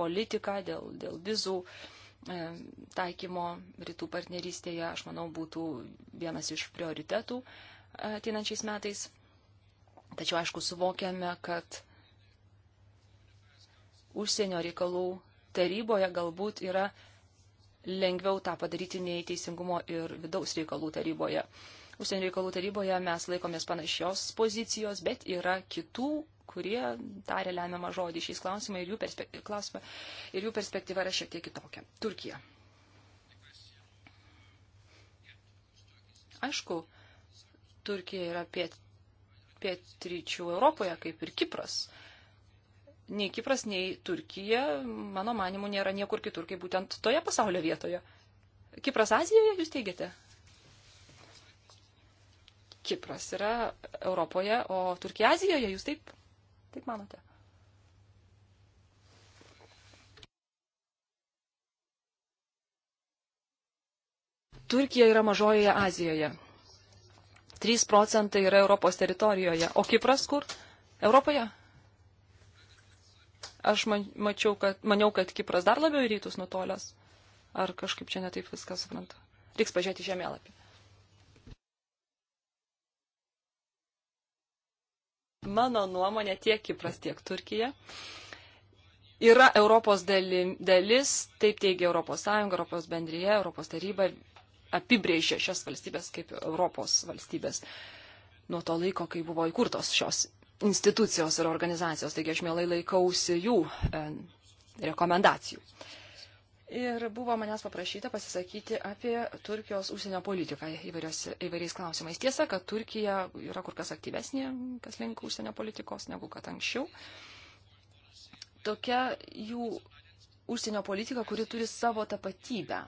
politiką dėl, dėl vizų e, taikymo rytų partnerystėje, aš manau, būtų vienas iš prioritetų e, ateinančiais metais. Tačiau, aišku, suvokiame, kad užsienio reikalų taryboje galbūt yra lengviau tą padaryti nei teisingumo ir vidaus reikalų taryboje. Užsienio reikalų taryboje mes laikomės panašios pozicijos, bet yra kitų, kurie tarė lemiamą žodį šiais klausimais ir jų, klausimai, ir jų perspektyva yra šiek tiek kitokia. Turkija. Aišku, Turkija yra piet, pietryčių Europoje, kaip ir Kipras. Uh, nei Kipras, nei Turkija, mano manimu, nėra niekur kitur, kaip būtent toje pasaulio vietoje. Kipras Azijoje, jūs teigiate? Kipras yra Europoje, o Turkija Azijoje, jūs taip, taip manote? Turkija yra mažojoje Azijoje. 3 procentai yra Europos teritorijoje, o Kipras kur? Europoje? Aš man, mačiau, kad, maniau, kad Kipras dar labiau į rytus nutolęs. Ar kažkaip čia netaip viską suprantu. Reiks pažiūrėti žemėlapį. Mano nuomonė tiek Kipras, tiek Turkija yra Europos dalim, dalis, taip teigia Europos Sąjunga, Europos bendryje, Europos taryba apibrėžė šias valstybės kaip Europos valstybės nuo to laiko, kai buvo įkurtos šios institucijos ir organizacijos, taigi aš mielai laikausi jų e, rekomendacijų. Ir buvo manęs paprašyta pasisakyti apie Turkijos užsienio politiką įvairiais klausimais. Tiesa, kad Turkija yra kur kas aktyvesnė, kas link užsienio politikos, negu kad anksčiau. Tokia jų užsienio politika, kuri turi savo tapatybę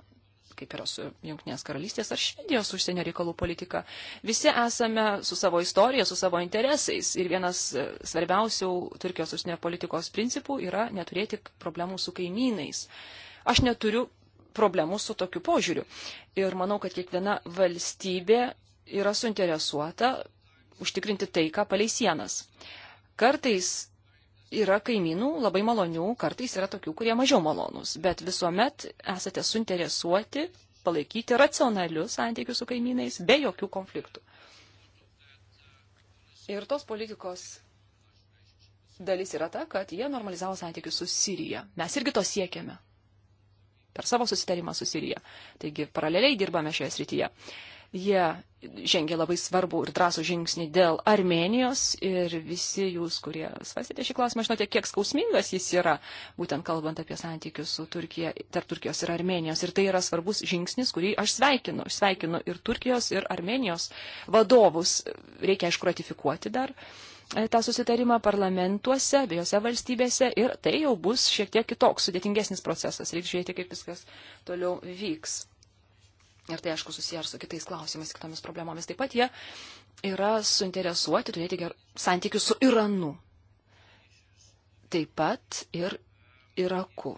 kaip yra su Junktinės karalystės ar Švedijos užsienio reikalų politika. Visi esame su savo istorija, su savo interesais ir vienas e, svarbiausių Turkijos užsienio politikos principų yra neturėti problemų su kaimynais. Aš neturiu problemų su tokiu požiūriu. Ir manau, kad kiekviena valstybė yra suinteresuota užtikrinti taiką palei sienas. Kartais yra kaimynų labai malonių, kartais yra tokių, kurie mažiau malonūs, bet visuomet esate suinteresuoti palaikyti racionalius santykius su kaimynais be jokių konfliktų. Ir tos politikos dalis yra ta, kad jie normalizavo santykius su Sirija. Mes irgi to siekiame per savo susitarimą su Sirija. Taigi paraleliai dirbame šioje srityje. Uh, Jie žengė labai svarbų ir drąsų žingsnį dėl Armenijos ir visi jūs, kurie svarstėte šį klausimą, žinote, kiek skausmingas jis yra, būtent kalbant apie santykius su Turkija, tarp Turkijos ir Armenijos. Ir tai yra svarbus žingsnis, kurį aš sveikinu. Aš sveikinu ir Turkijos, ir Armenijos vadovus. Reikia, aišku, ratifikuoti dar e, tą susitarimą parlamentuose, abiejose valstybėse ir tai jau bus šiek tiek kitoks, sudėtingesnis procesas. Reikia žiūrėti, kaip viskas toliau vyks. Ir tai, aišku, susiję ir su kitais klausimais, kitomis problemomis. Taip pat jie yra suinteresuoti turėti ger... santykių su Iranu. Taip pat ir Iraku.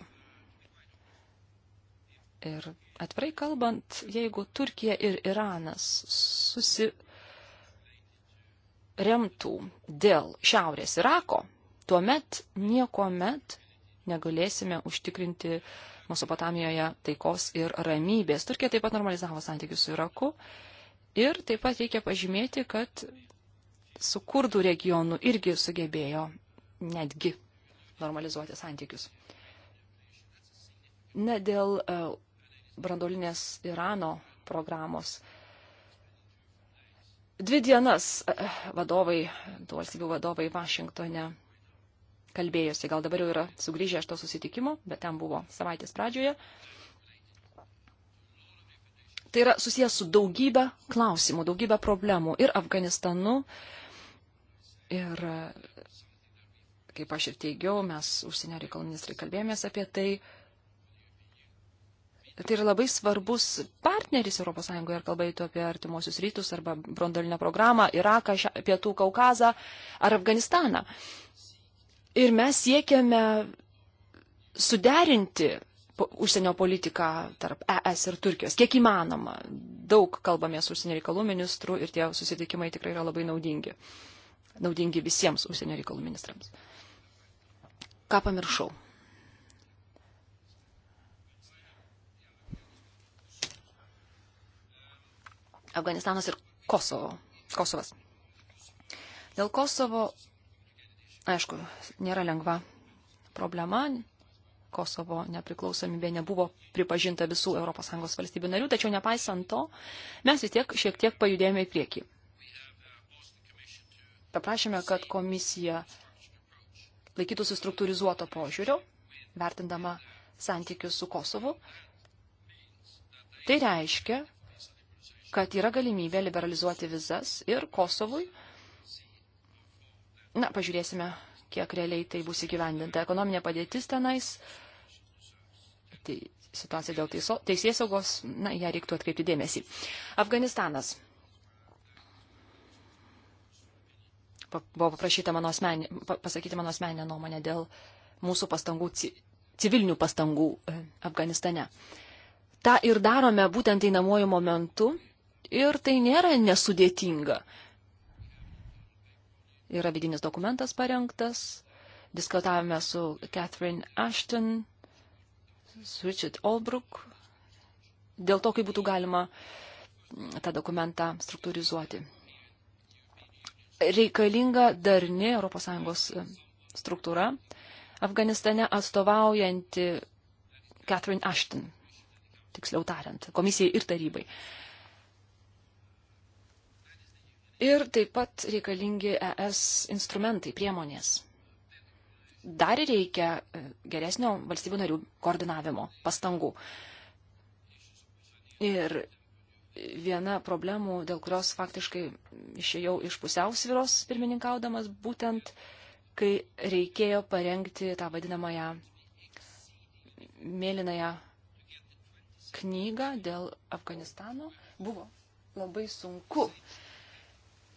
Ir atvirai kalbant, jeigu Turkija ir Iranas susiremtų dėl Šiaurės Irako, tuomet nieko met negalėsime užtikrinti uh, Mesopotamijoje taikos ir ramybės. Turkija taip pat normalizavo santykius su Iraku. Ir taip pat reikia pažymėti, kad su kurdų regionu irgi sugebėjo netgi normalizuoti santykius. Ne dėl e, brandolinės Irano programos. Dvi dienas e, e, vadovai, tų valstybių vadovai Vašingtone kalbėjosi. Gal dabar jau yra sugrįžę iš to susitikimo, bet ten buvo savaitės pradžioje. Tai yra susijęs su daugybė klausimų, daugybė problemų ir Afganistanu. Ir kaip aš ir teigiau, mes užsienio reikalų ministrai kalbėjomės apie tai. Tai yra labai svarbus partneris ES, ar kalbėtų apie artimuosius rytus, arba brandolinę programą, Iraką, Pietų Kaukazą ar Afganistaną. Uh, Ir mes siekiame suderinti užsienio politiką tarp ES ir Turkijos, kiek įmanoma. Daug kalbame su užsienio reikalų ministru ir tie susitikimai tikrai yra labai naudingi. Naudingi visiems užsienio reikalų ministrams. Ką pamiršau? Afganistanas ir Kosovo. Kosovas. Dėl Kosovo Aišku, nėra lengva problema. Kosovo nepriklausomybė nebuvo pripažinta visų ES valstybių narių, tačiau nepaisant to, mes vis tiek šiek tiek pajudėjome į priekį. Paprašėme, kad komisija laikytųsi struktūrizuoto požiūrio, vertindama santykius su Kosovu. Tai reiškia, kad yra galimybė liberalizuoti vizas ir Kosovui Na, pažiūrėsime, kiek realiai tai bus įgyvendinta. Ekonominė padėtis tenais, tai situacija dėl teiso, teisės saugos, na, ją reiktų atkreipti dėmesį. Afganistanas. Buvo paprašyta mano asmenį, pasakyti mano asmeninę nuomonę dėl mūsų pastangų, civilinių pastangų e, Afganistane. Ta ir darome būtent einamuoju momentu ir tai nėra nesudėtinga. Yra vidinis dokumentas parengtas. Diskutavome su Catherine Ashton, su Richard Olbrook dėl to, kaip būtų galima mm, tą dokumentą struktūrizuoti. Reikalinga darni ES e, struktūra, Afganistane atstovaujanti Catherine Ashton, tiksliau tariant, komisijai ir tarybai. Uh, ir taip pat reikalingi ES instrumentai, priemonės. Dar reikia e, geresnio valstybių narių koordinavimo pastangų. Ir viena problemų, dėl kurios faktiškai išėjau iš pusiausviros pirmininkaudamas, būtent kai reikėjo parengti tą vadinamąją mėlynąją knygą dėl Afganistano, buvo labai sunku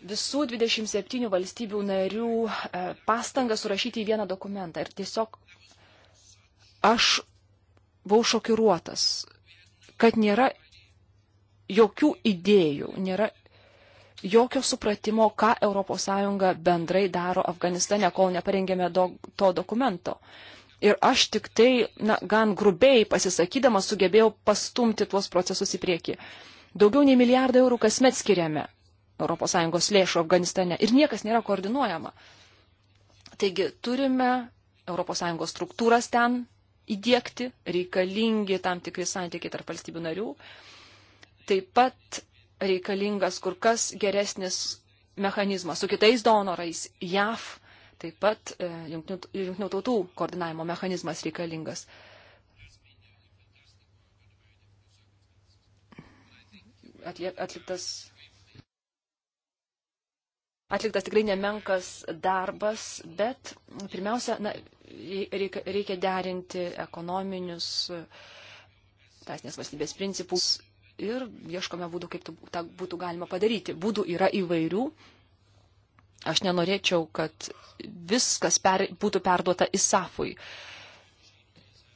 visų 27 valstybių narių e, pastangą surašyti į vieną dokumentą. Ir tiesiog aš buvau šokiruotas, kad nėra jokių idėjų, nėra jokio supratimo, ką ES bendrai daro Afganistane, kol neparengėme do, to dokumento. Ir aš tik tai, na, gan grubiai pasisakydamas sugebėjau pastumti tuos procesus į priekį. Daugiau nei milijardą eurų kasmet skiriame ES lėšų Afganistane ir niekas nėra koordinuojama. Taigi turime ES struktūras ten įdėkti, reikalingi tam tikri santykiai tarp valstybių narių. Taip pat reikalingas kur kas geresnis mechanizmas su kitais donorais JAV, taip pat e, jungtinių tautų koordinavimo mechanizmas reikalingas. Atliep, atliktas atliktas tikrai nemenkas darbas, bet pirmiausia, na, reikia, reikia derinti ekonominius, teisinės valstybės principus ir ieškome būdų, kaip tą būtų galima padaryti. Būdų yra įvairių. Aš nenorėčiau, kad viskas per, būtų perduota ISAFui.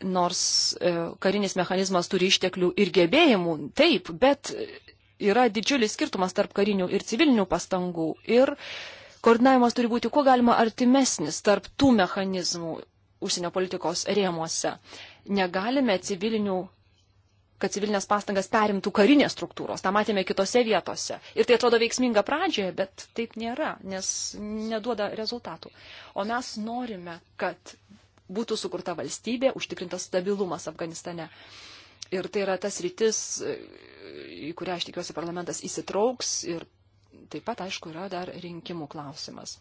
Nors e, karinis mechanizmas turi išteklių ir gebėjimų, taip, bet yra didžiulis skirtumas tarp karinių ir civilinių pastangų. Ir koordinavimas turi būti kuo galima artimesnis tarp tų mechanizmų užsienio politikos rėmuose. Negalime civilinių kad civilinės pastangas perimtų karinės struktūros. Ta matėme kitose vietose. Ir tai atrodo veiksminga pradžioje, bet taip nėra, nes neduoda rezultatų. O mes norime, kad būtų sukurta valstybė, užtikrintas stabilumas Afganistane. Uh, Ir tai yra tas rytis, į kurią aš tikiuosi parlamentas įsitrauks ir taip pat, aišku, yra dar rinkimų klausimas.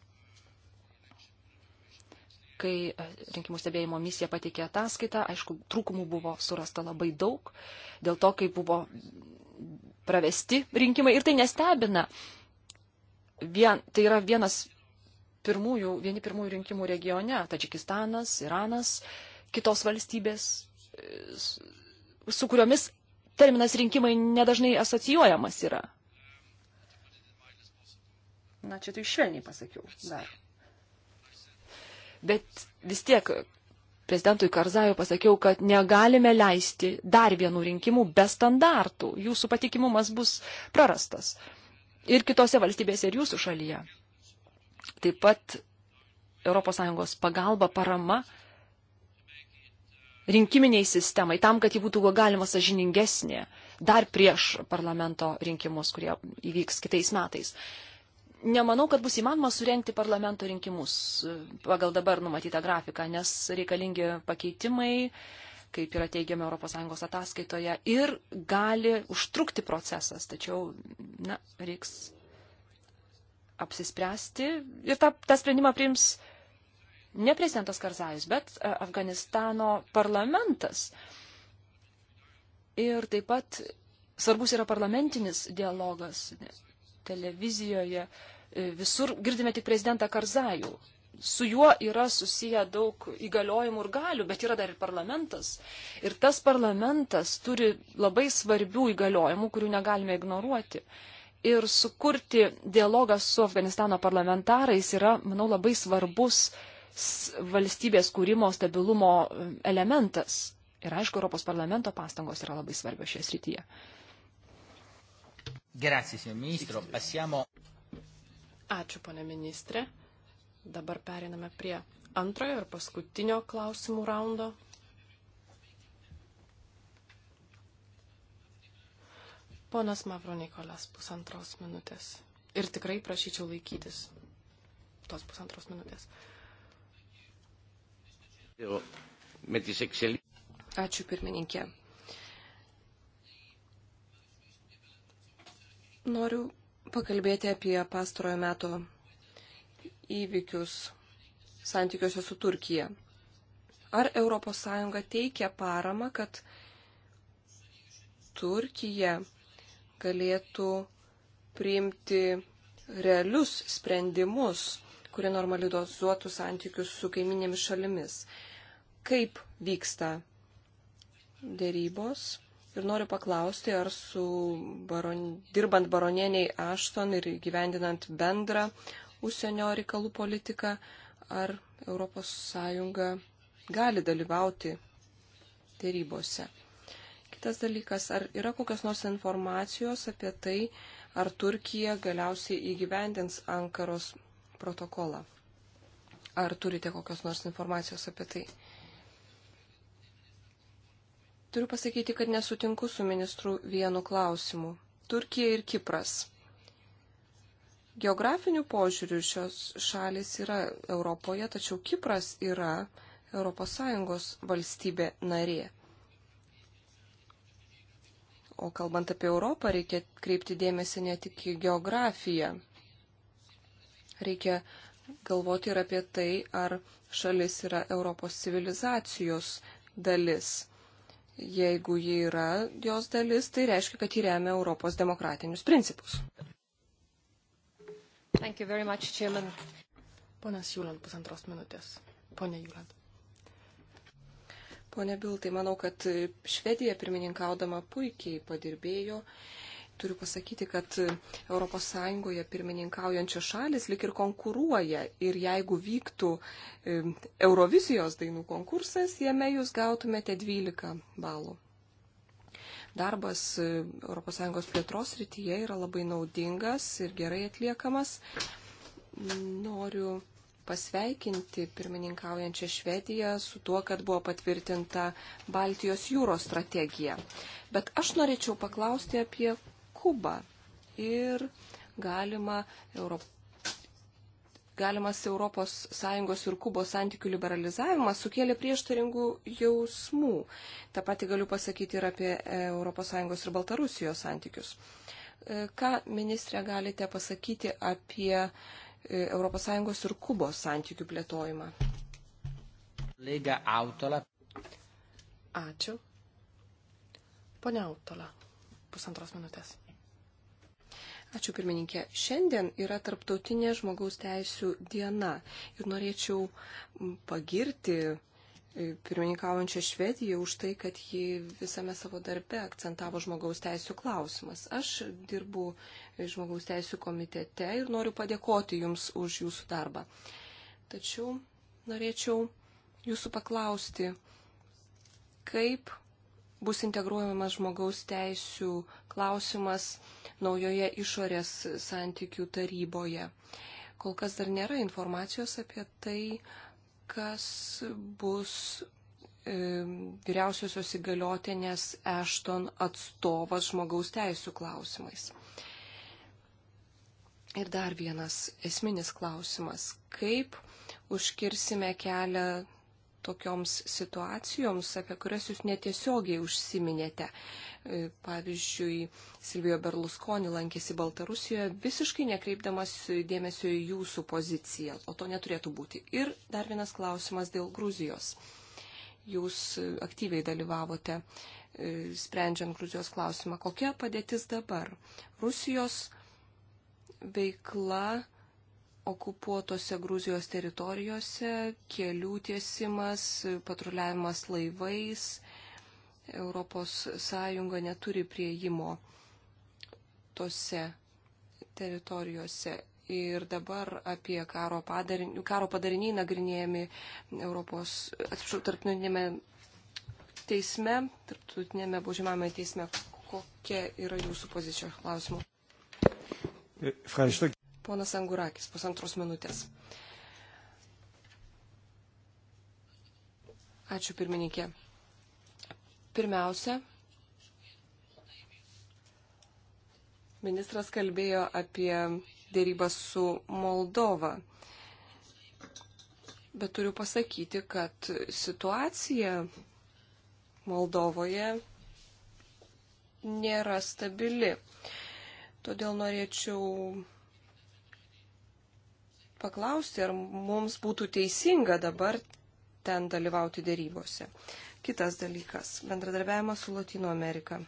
Kai e, rinkimų stebėjimo misija pateikė ataskaitą, aišku, trūkumų buvo surasta labai daug dėl to, kaip buvo pravesti rinkimai ir tai nestebina. Vien, tai yra vienas pirmųjų, vieni pirmųjų rinkimų regione - Tadžikistanas, Iranas, kitos valstybės e, su kuriomis terminas rinkimai nedažnai asocijuojamas yra. Na, čia tai švelniai pasakiau dar. Bet vis tiek prezidentui Karzajui pasakiau, kad negalime leisti dar vienų rinkimų be standartų. Jūsų patikimumas bus prarastas. Ir kitose valstybėse, ir jūsų šalyje. Taip pat ES pagalba, parama rinkiminiai sistemai, tam, kad ji būtų galima sažiningesnė dar prieš parlamento rinkimus, kurie įvyks kitais metais. Nemanau, kad bus įmanoma surenkti parlamento rinkimus e, pagal dabar numatytą grafiką, nes reikalingi pakeitimai, kaip yra teigiama ES ataskaitoje, ir gali užtrukti procesas, tačiau, na, reiks apsispręsti ir tą, tą sprendimą priims ne prezidentas Karzajus, bet e, Afganistano parlamentas. Ir taip pat svarbus yra parlamentinis dialogas televizijoje. E, visur girdime tik prezidentą Karzajų. Su juo yra susiję daug įgaliojimų ir galių, bet yra dar ir parlamentas. Ir tas parlamentas turi labai svarbių įgaliojimų, kurių negalime ignoruoti ir sukurti dialogą su Afganistano parlamentarais yra, manau, labai svarbus valstybės kūrimo stabilumo um, elementas. Ir aišku, Europos parlamento pastangos yra labai svarbios šioje srityje. Grazie, signor ministro. Passiamo. Ačiū, ponė ministrė. Dabar periname prie antrojo ir paskutinio klausimų raundo. Ponas Mavro Nikolas, pusantros minutės. Ir tikrai prašyčiau laikytis tos pusantros minutės. Uh, Ačiū pirmininkė. Noriu pakalbėti apie pastarojo meto įvykius santykiuose su Turkija. Ar ES teikia paramą, kad Turkija galėtų priimti realius sprendimus kuri normalizuotų santykius su kaiminėmis šalimis. Kaip vyksta dėrybos? Ir noriu paklausti, ar su baron, dirbant baronieniai Ašton ir gyvendinant bendrą užsienio reikalų politiką, ar ES gali dalyvauti dėrybose. Kitas dalykas, ar yra kokios nors informacijos apie tai, ar Turkija galiausiai įgyvendins Ankaros protokolą. Ar turite kokios nors informacijos apie tai? Turiu pasakyti, kad nesutinku su ministru vienu klausimu. Turkija ir Kipras. Geografiniu požiūriu šios šalis yra Europoje, tačiau Kipras yra ES valstybė narė. O kalbant apie Europą, reikia kreipti dėmesį ne tik į geografiją. Reikia galvoti ir apie tai, ar šalis yra Europos civilizacijos dalis. Jeigu ji yra jos dalis, tai reiškia, kad ji remia Europos demokratinius principus. Much, Chairman. Ponas Jūland, pusantros minutės. Pone Jūland. Pone Biltai, manau, kad Švedija pirmininkaudama puikiai padirbėjo turiu pasakyti, kad ES pirmininkaujančios šalis lik ir konkuruoja. Ir jeigu vyktų Eurovizijos dainų konkursas, jame jūs gautumėte 12 balų. Darbas ES plėtros rytyje yra labai naudingas ir gerai atliekamas. Noriu pasveikinti pirmininkaujančią Švediją su tuo, kad buvo patvirtinta Baltijos jūros strategija. Bet aš norėčiau paklausti apie Kubą ir galima Europą galimas ES ir Kubos santykių liberalizavimas sukėlė prieštaringų jausmų. Ta pati galiu pasakyti ir apie ES ir Baltarusijos santykius. E, ką ministrė galite pasakyti apie ES ir Kubos santykių plėtojimą? Lega Autola. Ačiū. Pone Autola, pusantros minutės. Ačiū pirmininkė. Šiandien yra tarptautinė žmogaus teisų diena ir norėčiau pagirti e, pirmininkaujančią Švediją už tai, kad ji visame savo darbe akcentavo žmogaus teisų klausimas. Aš dirbu e, žmogaus teisų komitete ir noriu padėkoti Jums už Jūsų darbą. Tačiau norėčiau Jūsų paklausti, kaip bus integruojamas žmogaus teisų klausimas naujoje išorės santykių taryboje. Kol kas dar nėra informacijos apie tai, kas bus e, vyriausiosios įgaliotinės Ešton atstovas žmogaus teisų klausimais. Ir dar vienas esminis klausimas. Kaip užkirsime kelią tokioms situacijoms, apie kurias jūs netiesiogiai užsiminėte. E, pavyzdžiui, Silvijo Berlusconi lankėsi Baltarusijoje visiškai nekreipdamas dėmesio į jūsų poziciją, o to neturėtų būti. Ir dar vienas klausimas dėl Gruzijos. Jūs aktyviai dalyvavote e, sprendžiant Gruzijos klausimą. Kokia padėtis dabar? Rusijos veikla okupuotose Gruzijos teritorijose, kelių tiesimas, patruliavimas laivais. ES neturi prieimo tose teritorijose. Ir dabar apie karo, padarin, karo padariniai nagrinėjami Europos, atsiprašau, tarptautinėme teisme, tarptautinėme baudžiamame teisme. Kokia yra jūsų pozicija klausimu? Ευχαριστώ Ponas Angurakis, pusantros minutės. Ačiū pirmininkė. Pirmiausia, ministras kalbėjo apie dėrybas su Moldova. Bet turiu pasakyti, kad situacija Moldovoje nėra stabili. Todėl norėčiau paklausti, ar mums būtų teisinga dabar ten dalyvauti dėrybose. Kitas dalykas - bendradarbiavimas su Latino Amerika.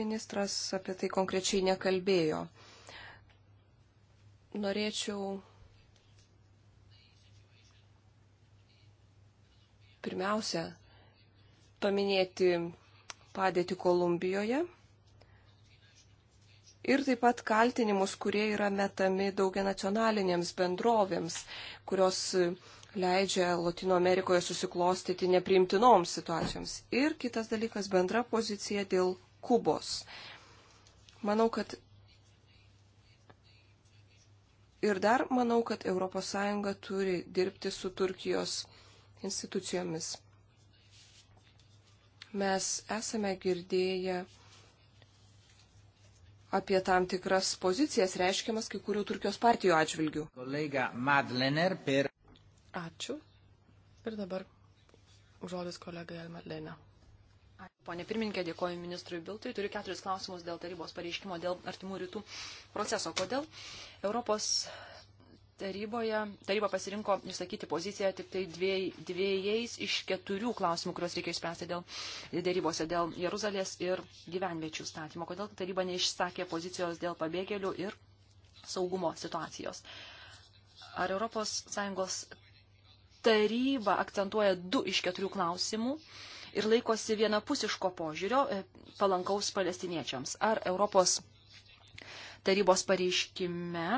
Ministras apie tai konkrečiai nekalbėjo. Norėčiau pirmiausia paminėti padėtį Kolumbijoje ir taip pat kaltinimus, kurie yra metami daugia nacionalinėms bendrovėms, kurios leidžia Latino Amerikoje susiklostyti nepriimtinoms situacijoms. Ir kitas dalykas - bendra pozicija dėl Kubos. Manau, kad ir dar manau, kad ES turi dirbti su Turkijos institucijomis. Mes esame girdėję apie tam tikras pozicijas reiškiamas kai kurių Turkijos partijų atžvilgių. Kolega Madlener per. Ačiū. Ir dabar žodis kolegai Elmadlena. Pone pirmininkė, dėkoju ministrui Biltui. Turiu keturis klausimus dėl tarybos pareiškimo dėl artimų rytų proceso. Kodėl Europos Taryboje, taryba pasirinko išsakyti poziciją tik tai dviej, dviejais iš keturių klausimų, kuriuos reikia išspręsti dėl dėrybose dėl Jeruzalės ir gyvenviečių statymo. Kodėl taryba neišsakė pozicijos dėl pabėgėlių ir saugumo situacijos? Ar ES taryba akcentuoja du iš keturių klausimų ir laikosi vienapusiško požiūrio e, palankaus palestiniečiams. Ar Europos tarybos pareiškime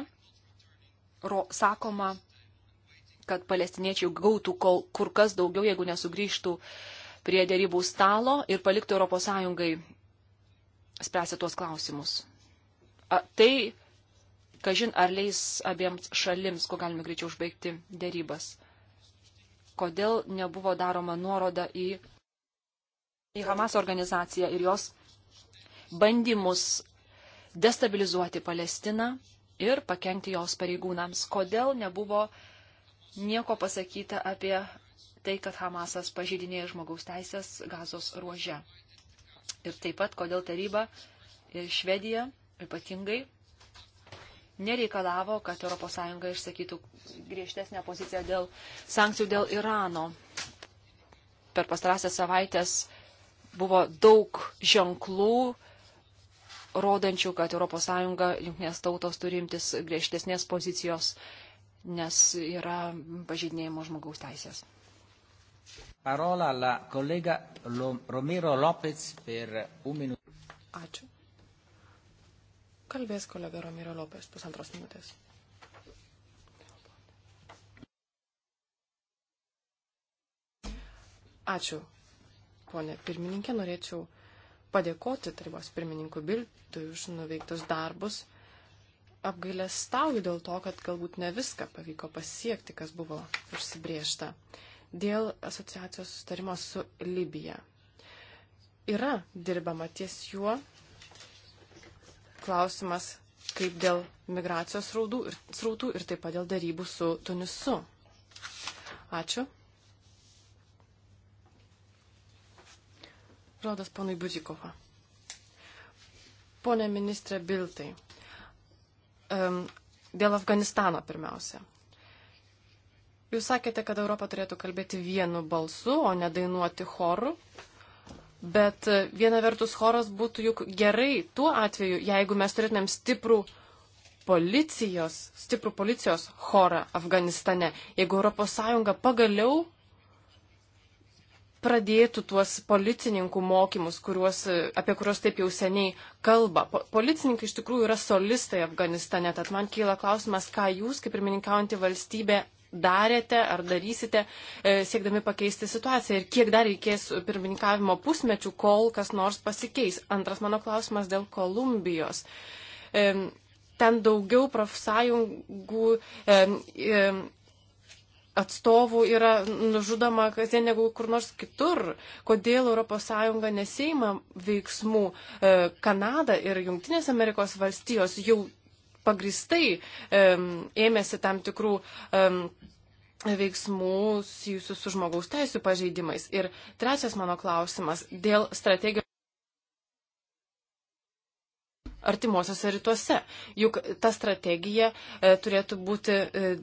ro, sakoma, kad palestiniečiai gautų kol, kur kas daugiau, jeigu nesugrįžtų prie dėrybų stalo ir paliktų ES spręsti tuos klausimus. A, tai, kažin, ar leis abiems šalims, kuo galime greičiau užbaigti dėrybas. Kodėl nebuvo daroma nuoroda į, į Hamas organizaciją ir jos bandymus destabilizuoti Palestiną ir pakengti jos pareigūnams. Kodėl nebuvo nieko pasakyta apie tai, kad Hamasas pažydinėja žmogaus teisės gazos ruože. Ir taip pat, kodėl taryba ir Švedija ypatingai nereikalavo, kad ES išsakytų griežtesnę poziciją dėl sankcijų dėl Irano. Per pastarąsias savaitės buvo daug ženklų, rodančių, kad ES, jungtinės tautos turi imtis griežtesnės pozicijos, nes yra pažydinėjimo žmogaus teisės. Parola la kolega Romero Lopez per un minutę. Ačiū. Kalbės kolega Romero Lopez pusantros minutės. Ačiū, ponė pirmininkė, norėčiau padėkoti tarybos pirmininkų Biltui už nuveiktus darbus. Apgailės stauju dėl to, kad galbūt ne viską pavyko pasiekti, kas buvo užsibriešta. Dėl asociacijos sustarimo su Libija. Yra dirbama ties juo. Klausimas, kaip dėl migracijos srautų ir, srautų ir taip pat dėl darybų su Tunisu. Ačiū. Rodas ponui Buzikovą. Pone ministrė Biltai, um, dėl Afganistano pirmiausia. Jūs sakėte, kad Europa turėtų kalbėti vienu balsu, o ne dainuoti choru. Bet viena vertus choras būtų juk gerai tuo atveju, jeigu mes turėtumėm stiprų policijos, stiprų policijos chorą Afganistane. Jeigu ES pagaliau pradėtų tuos policininkų mokymus, kuriuos, apie kuriuos taip jau seniai kalba. Po, policininkai iš tikrųjų yra solistai Afganistane, tad man kyla klausimas, ką jūs, kaip pirmininkaujantį valstybę, darėte ar darysite, e, siekdami pakeisti situaciją ir kiek dar reikės pirmininkavimo pusmečių, kol kas nors pasikeis. Antras mano klausimas dėl Kolumbijos. Ten daugiau profsąjungų atstovų yra nužudoma kasdien negu kur nors kitur. Kodėl ES nesima veiksmų? E, Kanada ir Junktinės Amerikos valstijos jau pagristai e, ėmėsi tam tikrų e, veiksmų susijusių su žmogaus teisų pažeidimais. Ir trečias mano klausimas dėl strategijos artimuosiuose rytuose. Juk ta strategija e, turėtų būti e,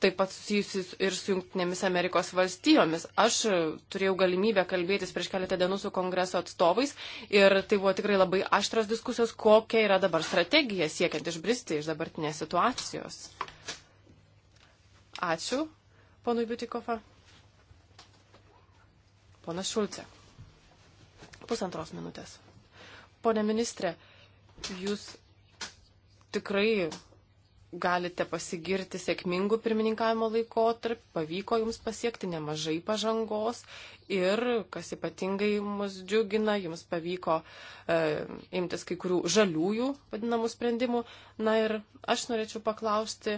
taip pat susijusi ir su Junktinėmis Amerikos valstijomis. Aš e, turėjau galimybę kalbėtis prieš keletą dienų su kongreso atstovais ir tai buvo tikrai labai aštras diskusijos, kokia yra dabar strategija siekiant išbristi iš dabartinės situacijos. Ačiū, ponui Biutikofa. Ponas Šulce. Pusantros minutės. Pone ministrė, jūs tikrai galite pasigirti sėkmingų pirmininkavimo laikotarp, pavyko jums pasiekti nemažai pažangos ir, kas ypatingai mus džiugina, jums pavyko e, imtis kai kurių žaliųjų vadinamų sprendimų. Na ir aš norėčiau paklausti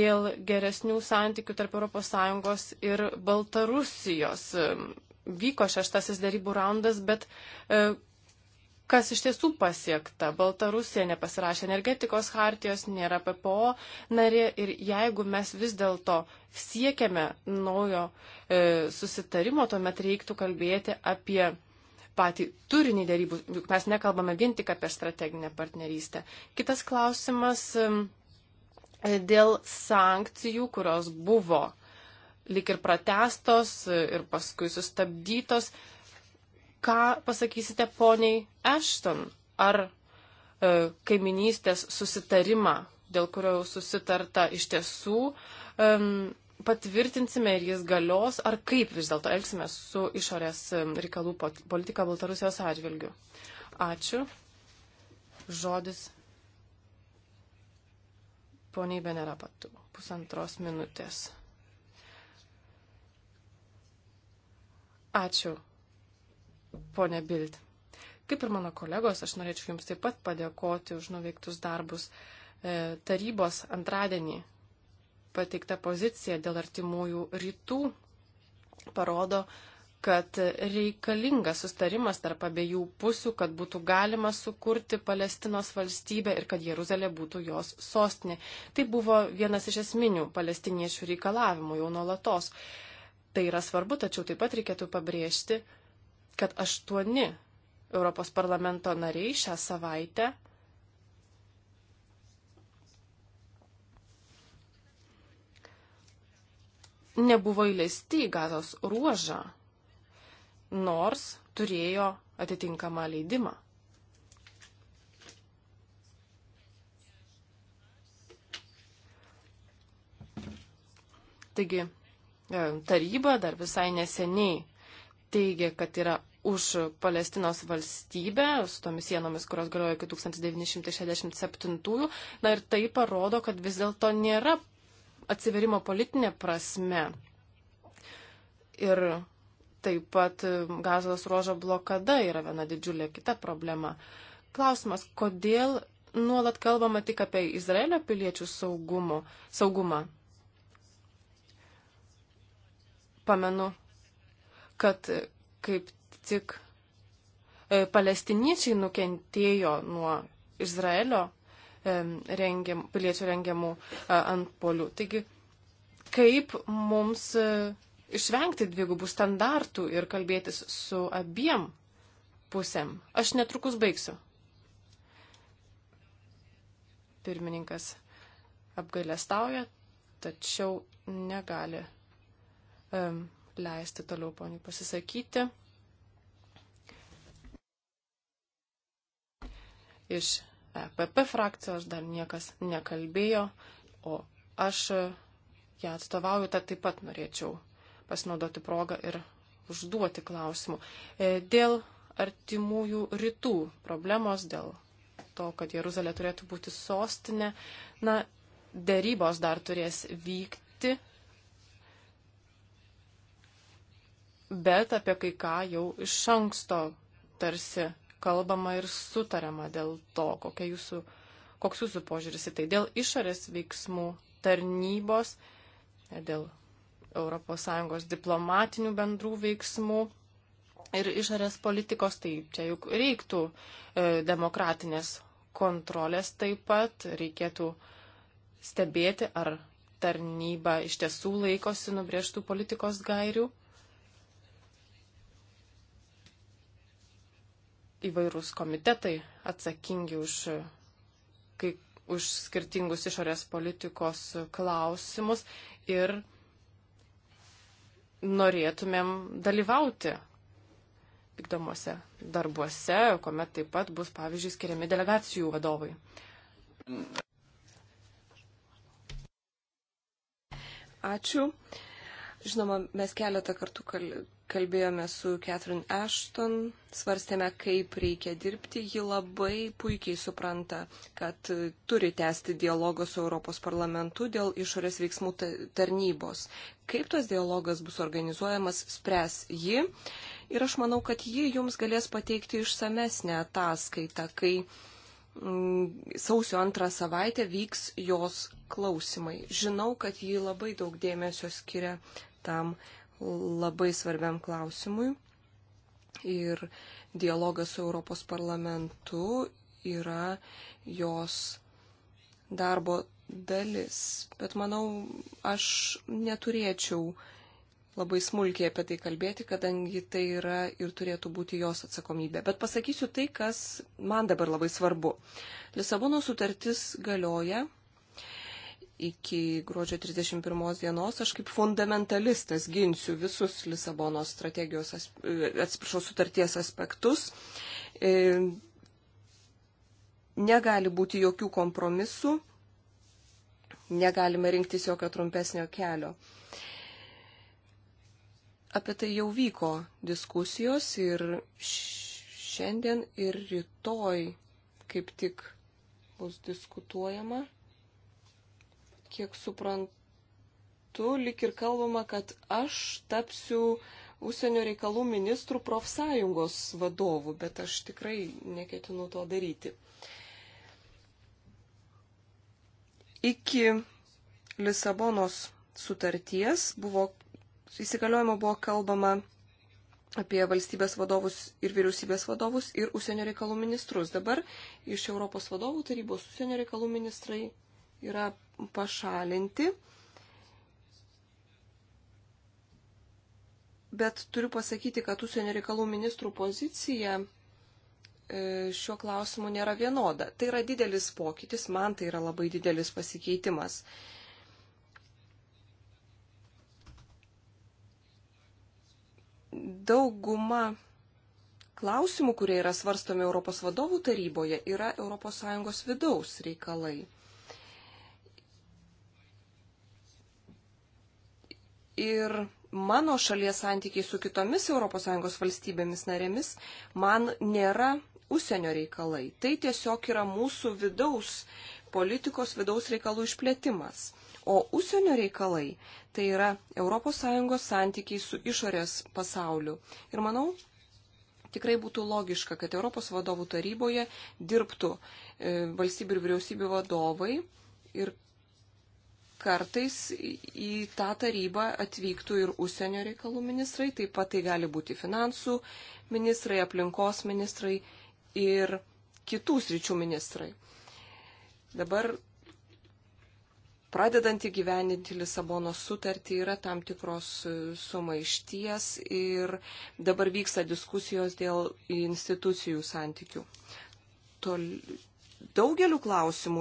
dėl geresnių santykių tarp ES ir Baltarusijos. Vyko šeštasis darybų raundas, bet e, kas iš tiesų pasiekta. Baltarusija nepasirašė energetikos hartijos, nėra PPO narė ir jeigu mes vis dėlto siekiame naujo e, susitarimo, tuomet reiktų kalbėti apie patį turinį dėrybų. Mes nekalbame vien tik apie strateginę partnerystę. Kitas klausimas e, dėl sankcijų, kurios buvo lik ir pratestos e, ir paskui sustabdytos. E, ką pasakysite poniai Ashton? Ar e, kaiminystės susitarimą, dėl kurio jau susitarta iš tiesų, e, patvirtinsime ir jis galios, ar kaip vis dėlto elgsime su išorės reikalų politika Baltarusijos atžvilgiu? Ačiū. Žodis poniai Benerapatų. Pusantros minutės. Ačiū ponė Bild. Kaip ir mano kolegos, aš norėčiau Jums taip pat padėkoti už nuveiktus darbus. E, tarybos antradienį pateikta pozicija dėl artimųjų rytų parodo, kad reikalingas sustarimas tarp abiejų pusių, kad būtų galima sukurti Palestinos valstybę ir kad Jeruzalė būtų jos sostinė. Tai buvo vienas iš esminių palestiniečių reikalavimų jau nuolatos. Tai yra svarbu, tačiau taip pat reikėtų pabrėžti, kad aštuoni Europos parlamento nariai šią savaitę nebuvo įleisti į gazos ruožą, nors turėjo atitinkamą leidimą. Taigi e, taryba dar visai neseniai teigia, kad yra už Palestinos valstybę, su tomis sienomis, kurios galioja iki 1967-ųjų. Na ir tai parodo, kad vis dėlto nėra atsiverimo politinė prasme. Ir taip pat gazos ruožo blokada yra viena didžiulė kita problema. Klausimas, kodėl nuolat kalbama tik apie Izraelio piliečių saugumo, saugumą? Pamenu, kad e, kaip tik e, palestiniečiai nukentėjo nuo Izraelio e, rengiam, piliečių rengiamų antpolių. Taigi, kaip mums išvengti dvigubų standartų ir kalbėtis su abiem pusėm? Aš netrukus baigsiu. Pirmininkas apgailestauja, tačiau negali um, leisti toliau poniai pasisakyti. Iš EPP frakcijos dar niekas nekalbėjo, o aš ją atstovauju, tad taip pat norėčiau pasinaudoti progą ir užduoti klausimų. E, dėl artimųjų rytų problemos, dėl to, kad Jeruzalė turėtų būti sostinė, na, dėrybos dar turės vykti bet apie kai ką jau iš anksto tarsi kalbama ir sutariama dėl to, kokia jūsų, koks jūsų požiūris į tai. Dėl išorės veiksmų tarnybos, dėl ES diplomatinių bendrų veiksmų ir išorės politikos, tai čia juk reiktų e, demokratinės kontrolės taip pat, reikėtų stebėti, ar tarnyba iš tiesų laikosi nubriežtų politikos gairių. įvairūs komitetai atsakingi už, kai, už skirtingus išorės politikos klausimus ir norėtumėm dalyvauti vykdomuose darbuose, kuomet taip pat bus, pavyzdžiui, skiriami delegacijų vadovai. Ačiū. Žinoma, mes keletą kartų kal kalbėjome su Catherine Ashton, svarstėme, kaip reikia dirbti. Ji labai puikiai supranta, kad turi tęsti dialogą su Europos parlamentu dėl išorės veiksmų tarnybos. Kaip tas dialogas bus organizuojamas, spręs ji. Ir aš manau, kad ji jums galės pateikti išsamesnę ataskaitą, kai mm, sausio antrą savaitę vyks jos klausimai. Žinau, kad ji labai daug dėmesio skiria tam labai svarbiam klausimui. Ir dialogas su Europos parlamentu yra jos darbo dalis. Bet manau, aš neturėčiau labai smulkiai apie tai kalbėti, kadangi tai yra ir turėtų būti jos atsakomybė. Bet pasakysiu tai, kas man dabar labai svarbu. Lisabono sutartis galioja iki gruodžio 31 dienos aš kaip fundamentalistas ginsiu visus Lisabono strategijos, e, atsiprašau, sutarties aspektus. E, negali būti jokių kompromisų, negalime rinktis jokio trumpesnio kelio. Apie tai jau vyko diskusijos ir šiandien ir rytoj kaip tik bus diskutuojama Kiek suprantu, lik ir kalbama, kad aš tapsiu užsienio reikalų ministrų profsąjungos vadovu, bet aš tikrai neketinu to daryti. Iki Lisabonos sutarties buvo, įsigaliojimo buvo kalbama apie valstybės vadovus ir vyriausybės vadovus ir užsienio reikalų ministrus. Dabar iš Europos vadovų tarybos užsienio reikalų ministrai yra pašalinti. Bet turiu pasakyti, kad užsienio reikalų ministrų pozicija e, šiuo klausimu nėra vienoda. Tai yra didelis pokytis, man tai yra labai didelis pasikeitimas. Dauguma klausimų, kurie yra svarstomi Europos vadovų taryboje, yra ES vidaus reikalai. ir mano šalies santykiai su kitomis ES valstybėmis narėmis man nėra užsienio reikalai. Tai tiesiog yra mūsų vidaus politikos, vidaus reikalų išplėtimas. O užsienio reikalai tai yra ES santykiai su išorės pasauliu. Ir manau, tikrai būtų logiška, kad Europos vadovų taryboje dirbtų e, valstybių ir vyriausybių vadovai ir kartais į tą tarybą atvyktų ir užsienio reikalų ministrai, taip pat tai gali būti finansų ministrai, aplinkos ministrai ir kitų sričių ministrai. Dabar pradedant įgyveninti Lisabono sutartį yra tam tikros e, sumaišties ir dabar vyksta diskusijos dėl institucijų santykių. Tol, daugeliu klausimų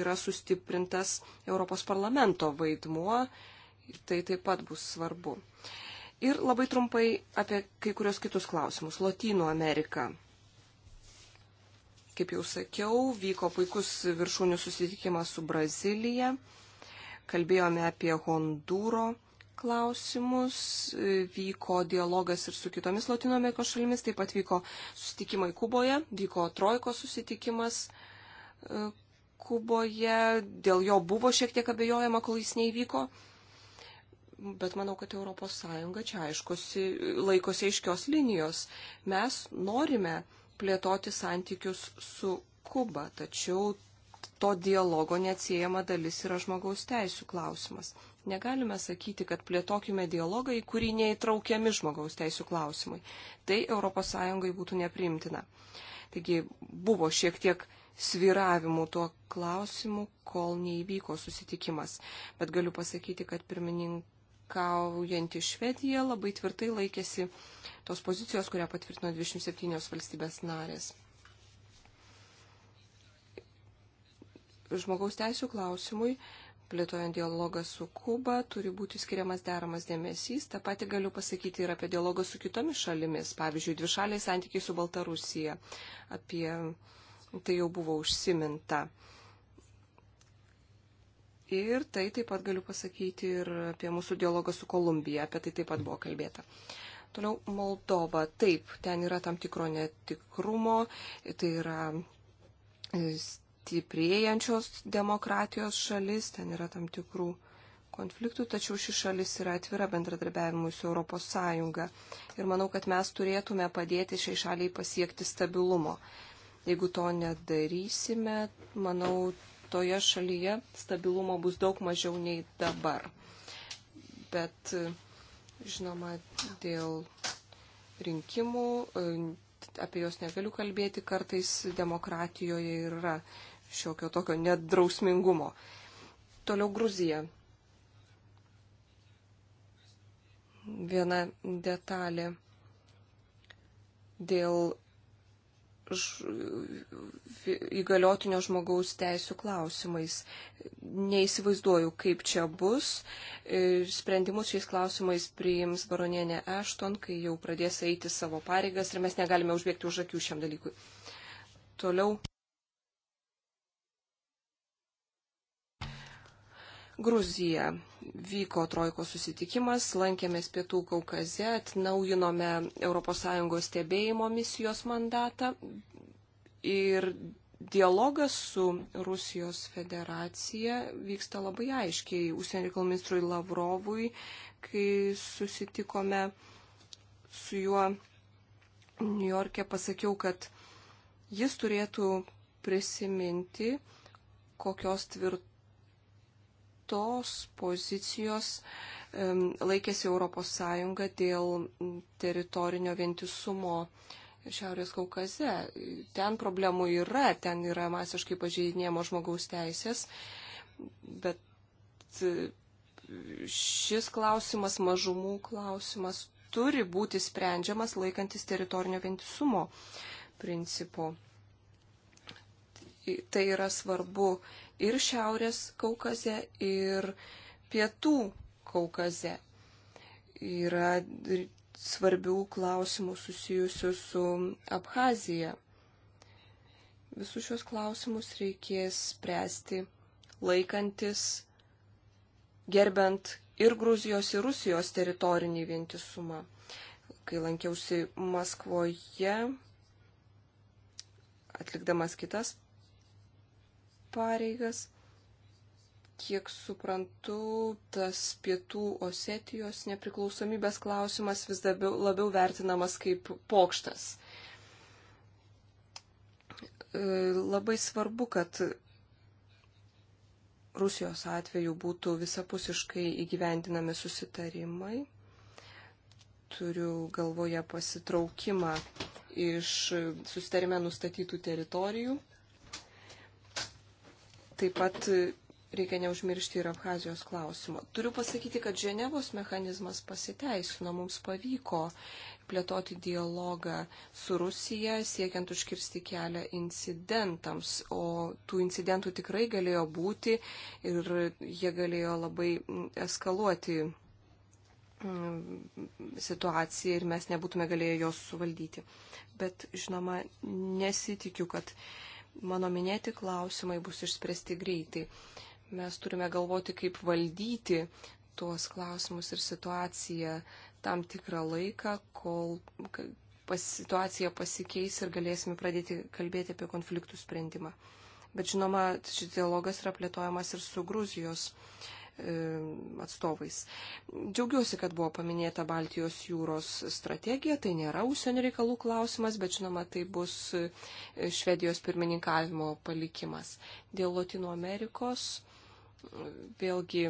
yra sustiprintas Europos parlamento vaidmuo ir tai taip pat bus svarbu. Ir labai trumpai apie kai kurios kitus klausimus. Lotynų Amerika. Kaip jau sakiau, vyko puikus viršūnių susitikimas su Brazilija. Kalbėjome apie Hondūro klausimus, vyko dialogas ir su kitomis Latino Amerikos šalimis, taip pat vyko susitikimai Kuboje, vyko trojko susitikimas Kuboje, dėl jo buvo šiek tiek abejojama, kol jis neįvyko. Bet manau, kad ES čia aiškosi, laikosi aiškios linijos. Mes norime plėtoti santykius su Kuba, tačiau to dialogo neatsiejama dalis yra žmogaus teisų klausimas. Negalime sakyti, kad plėtokime dialogą, į kurį neįtraukiami žmogaus teisų klausimai. Tai ES būtų nepriimtina. Taigi buvo šiek tiek sviravimų tuo klausimu, kol neįvyko susitikimas. Bet galiu pasakyti, kad pirmininkaujanti Švedija labai tvirtai laikėsi tos pozicijos, kurią patvirtino 27 valstybės narės. Žmogaus teisų klausimui plėtojant dialogą su Kuba, turi būti skiriamas deramas dėmesys. Ta pati galiu pasakyti ir apie dialogą su kitomis šalimis, pavyzdžiui, dvišaliai santykiai su Baltarusija, apie tai jau buvo užsiminta. Ir tai taip pat galiu pasakyti ir apie mūsų dialogą su Kolumbija, apie tai taip pat buvo kalbėta. Toliau Moldova. Taip, ten yra tam tikro netikrumo, tai yra e, stiprėjančios demokratijos šalis, ten yra tam tikrų konfliktų, tačiau ši šalis yra atvira bendradarbiavimui su ES. Ir manau, kad mes turėtume padėti šiai šaliai pasiekti stabilumo. Jeigu to nedarysime, manau, toje šalyje stabilumo bus daug mažiau nei dabar. Bet, žinoma, dėl rinkimų, apie juos negaliu kalbėti, kartais demokratijoje yra šiokio tokio nedrausmingumo. Toliau Gruzija. Viena detalė dėl įgaliotinio žmogaus teisų klausimais. Neįsivaizduoju, kaip čia bus. E, sprendimus šiais klausimais priims baronienė Ešton, kai jau pradės eiti savo pareigas ir mes negalime užbėgti už akių šiam dalykui. Toliau. Gruzija vyko trojkos susitikimas, lankėmės Pietų Kaukaze, atnaujinome ES stebėjimo misijos mandatą ir dialogas su Rusijos federacija vyksta labai aiškiai. Užsienio reikalų ministrui Lavrovui, kai susitikome su juo New York'e, pasakiau, kad jis turėtų prisiminti, kokios tvirtos tos pozicijos laikėsi ES dėl teritorinio vientisumo Šiaurės Kaukaze. Ten problemų yra, ten yra masiškai pažeidinėjimo žmogaus teisės, bet e, šis klausimas, mažumų klausimas, turi būti sprendžiamas laikantis teritorinio vientisumo principų. Tai yra svarbu ir Šiaurės Kaukaze, ir Pietų Kaukaze. Yra svarbių klausimų susijusių su Abhazija. Visus šios klausimus reikės spręsti laikantis, gerbent ir Gruzijos, ir Rusijos teritorinį vientisumą. Kai lankiausi Maskvoje, atlikdamas kitas pareigas. Kiek suprantu, tas pietų Osetijos nepriklausomybės klausimas vis labiau, labiau vertinamas kaip pokštas. E, labai svarbu, kad Rusijos atveju būtų visapusiškai įgyvendinami susitarimai. Turiu galvoje pasitraukimą iš susitarime nustatytų teritorijų. Taip pat reikia neužmiršti ir Abhazijos klausimo. Turiu pasakyti, kad Ženevos mechanizmas pasiteisino, mums pavyko plėtoti dialogą su Rusija, siekiant užkirsti kelią incidentams, o tų incidentų tikrai galėjo būti ir jie galėjo labai eskaluoti mm, situaciją ir mes nebūtume galėję jos suvaldyti. Bet, žinoma, nesitikiu, kad mano minėti klausimai bus išspręsti greitai. Mes turime galvoti, kaip valdyti tuos klausimus ir situaciją tam tikrą laiką, kol pas, situacija pasikeis ir galėsime pradėti kalbėti apie konfliktų sprendimą. Bet žinoma, šis dialogas yra plėtojamas ir su Gruzijos uh, E, atstovais. Džiaugiuosi, kad buvo paminėta Baltijos jūros strategija, tai nėra užsienio reikalų klausimas, bet žinoma, tai bus e, Švedijos pirmininkavimo palikimas. Dėl Latino Amerikos e, vėlgi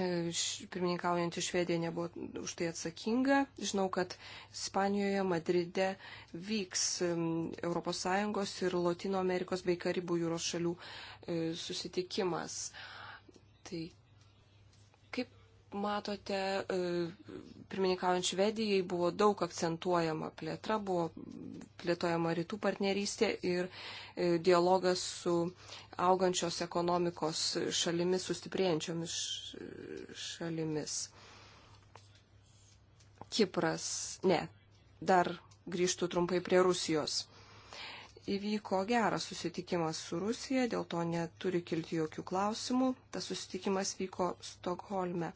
pirmininkaujantį Švediją nebuvo už tai atsakinga. Žinau, kad Ispanijoje, Madride vyks ES ir Latino Amerikos bei Karibų jūros šalių susitikimas. Tai kaip matote, e, pirmininkaujant Švedijai buvo daug akcentuojama plėtra, buvo plėtojama rytų partnerystė ir e, dialogas su augančios ekonomikos šalimis, sustiprėjančiomis šalimis. Kipras, ne, dar grįžtų trumpai prie Rusijos įvyko geras susitikimas su Rusija, dėl to neturi kilti jokių klausimų. Tas susitikimas vyko Stokholme.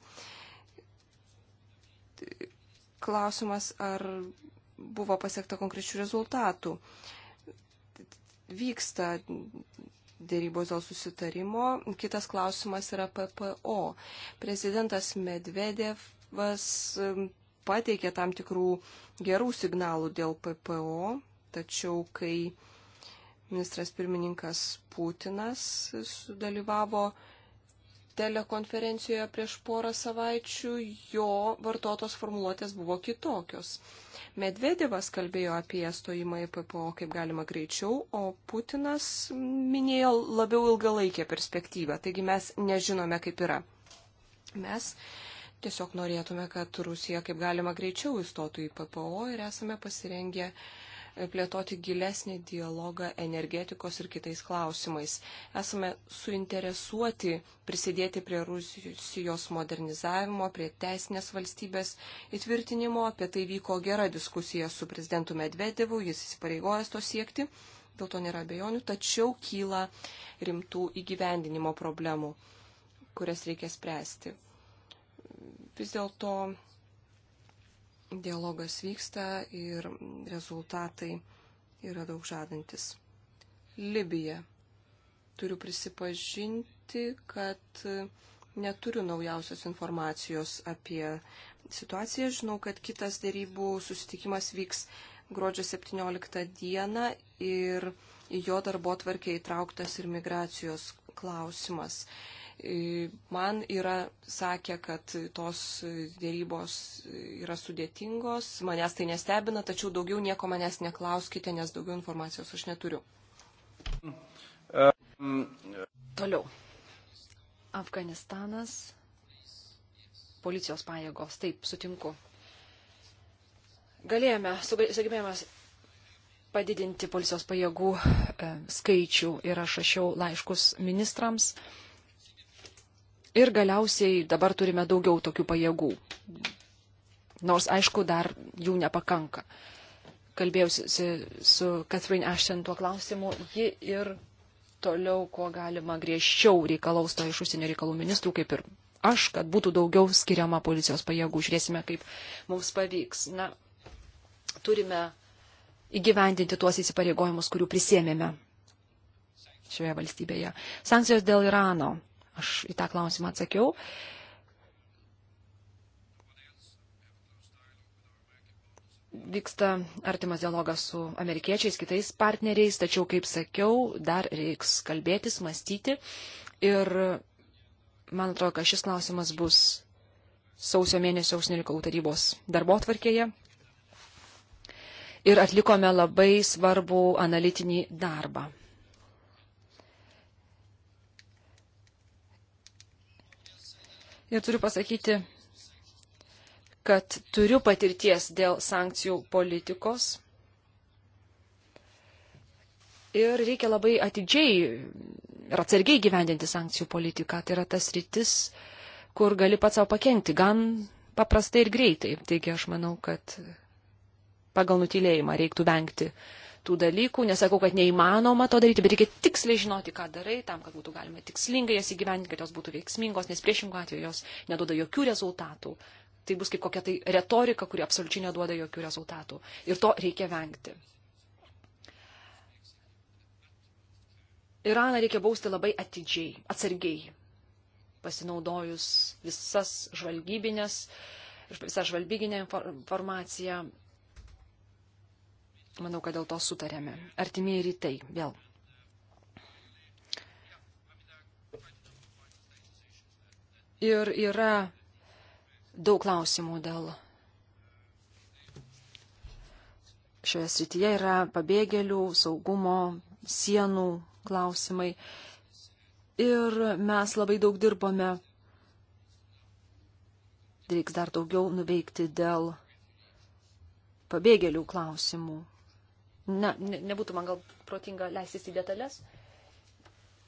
Klausimas, ar buvo pasiekta konkrečių rezultatų. Vyksta dėrybos dėl susitarimo. Kitas klausimas yra PPO. Prezidentas Medvedevas um, pateikė tam tikrų gerų signalų dėl PPO, tačiau kai Ministras pirmininkas Putinas sudalyvavo telekonferencijoje prieš porą savaičių, jo vartotos formuluotės buvo kitokios. Medvedevas kalbėjo apie stojimą į PPO kaip galima greičiau, o Putinas minėjo labiau ilgalaikę perspektyvą, taigi mes nežinome, kaip yra. Mes tiesiog norėtume, kad Rusija kaip galima greičiau įstotų į PPO ir esame pasirengę uh, plėtoti gilesnį dialogą energetikos ir kitais klausimais. Esame suinteresuoti prisidėti prie Rusijos modernizavimo, prie teisinės valstybės įtvirtinimo. Apie tai vyko gera diskusija su prezidentu Medvedevu, jis įsipareigojęs to siekti, dėl to nėra abejonių, tačiau kyla rimtų įgyvendinimo problemų kurias reikia spręsti. Vis dėlto dialogas vyksta ir rezultatai yra daug žadantis. Libija. Turiu prisipažinti, kad e, neturiu naujausios informacijos apie situaciją. Žinau, kad kitas dėrybų susitikimas vyks gruodžio 17 dieną ir į jo darbo tvarkė įtrauktas ir migracijos klausimas. E, man yra sakę, kad tos dėrybos yra sudėtingos, manęs tai nestebina, tačiau daugiau nieko manęs neklauskite, nes daugiau informacijos aš neturiu. Toliau. Afganistanas. Policijos pajėgos. Taip, sutinku. Galėjome, sugebėjome padidinti policijos pajėgų e, skaičių ir aš rašiau laiškus ministrams. E, Ir galiausiai dabar turime daugiau tokių pajėgų. Nors, aišku, dar jų nepakanka. Kalbėjausi su Catherine Ashton tuo klausimu. Ji ir toliau, kuo galima griežčiau reikalaus to iš užsienio reikalų ministrų, kaip ir aš, kad būtų daugiau skiriama policijos pajėgų. Žiūrėsime, kaip mums pavyks. Na, turime įgyvendinti tuos įsipareigojimus, kurių prisėmėme šioje valstybėje. Sankcijos dėl Irano. Aš į tą klausimą atsakiau. Vyksta artimas dialogas su amerikiečiais, kitais partneriais, tačiau, kaip sakiau, dar reiks kalbėtis, mąstyti. Ir man atrodo, kad šis klausimas bus sausio mėnesio užsienio reikalų tarybos darbo tvarkėje. Ir atlikome labai svarbų analitinį darbą. Ir turiu pasakyti, kad turiu patirties dėl sankcijų politikos. Ir reikia labai atidžiai ir atsargiai gyvendinti sankcijų politiką. Tai yra tas rytis, kur gali pats savo pakengti gan paprastai ir greitai. Taigi aš manau, kad pagal nutylėjimą reiktų vengti uh, tų dalykų, nesakau, kad neįmanoma to daryti, bet reikia tiksliai žinoti, ką darai, tam, kad būtų galima tikslingai jas įgyvendinti, kad jos būtų veiksmingos, nes priešingų atveju jos neduoda jokių rezultatų. Tai bus kaip kokia tai retorika, kuri absoliučiai neduoda jokių rezultatų. Ir to reikia vengti. Iraną reikia bausti labai atidžiai, atsargiai, pasinaudojus visas žvalgybinės, visą žvalgybinę informaciją, Manau, kad dėl to sutarėme. Artimieji rytai vėl. Ir yra daug klausimų dėl šioje srityje yra pabėgėlių, saugumo, sienų klausimai. Ir mes labai daug dirbome. Reiks dar daugiau nuveikti dėl pabėgėlių klausimų na, ne, nebūtų man gal protinga leistis į detalės.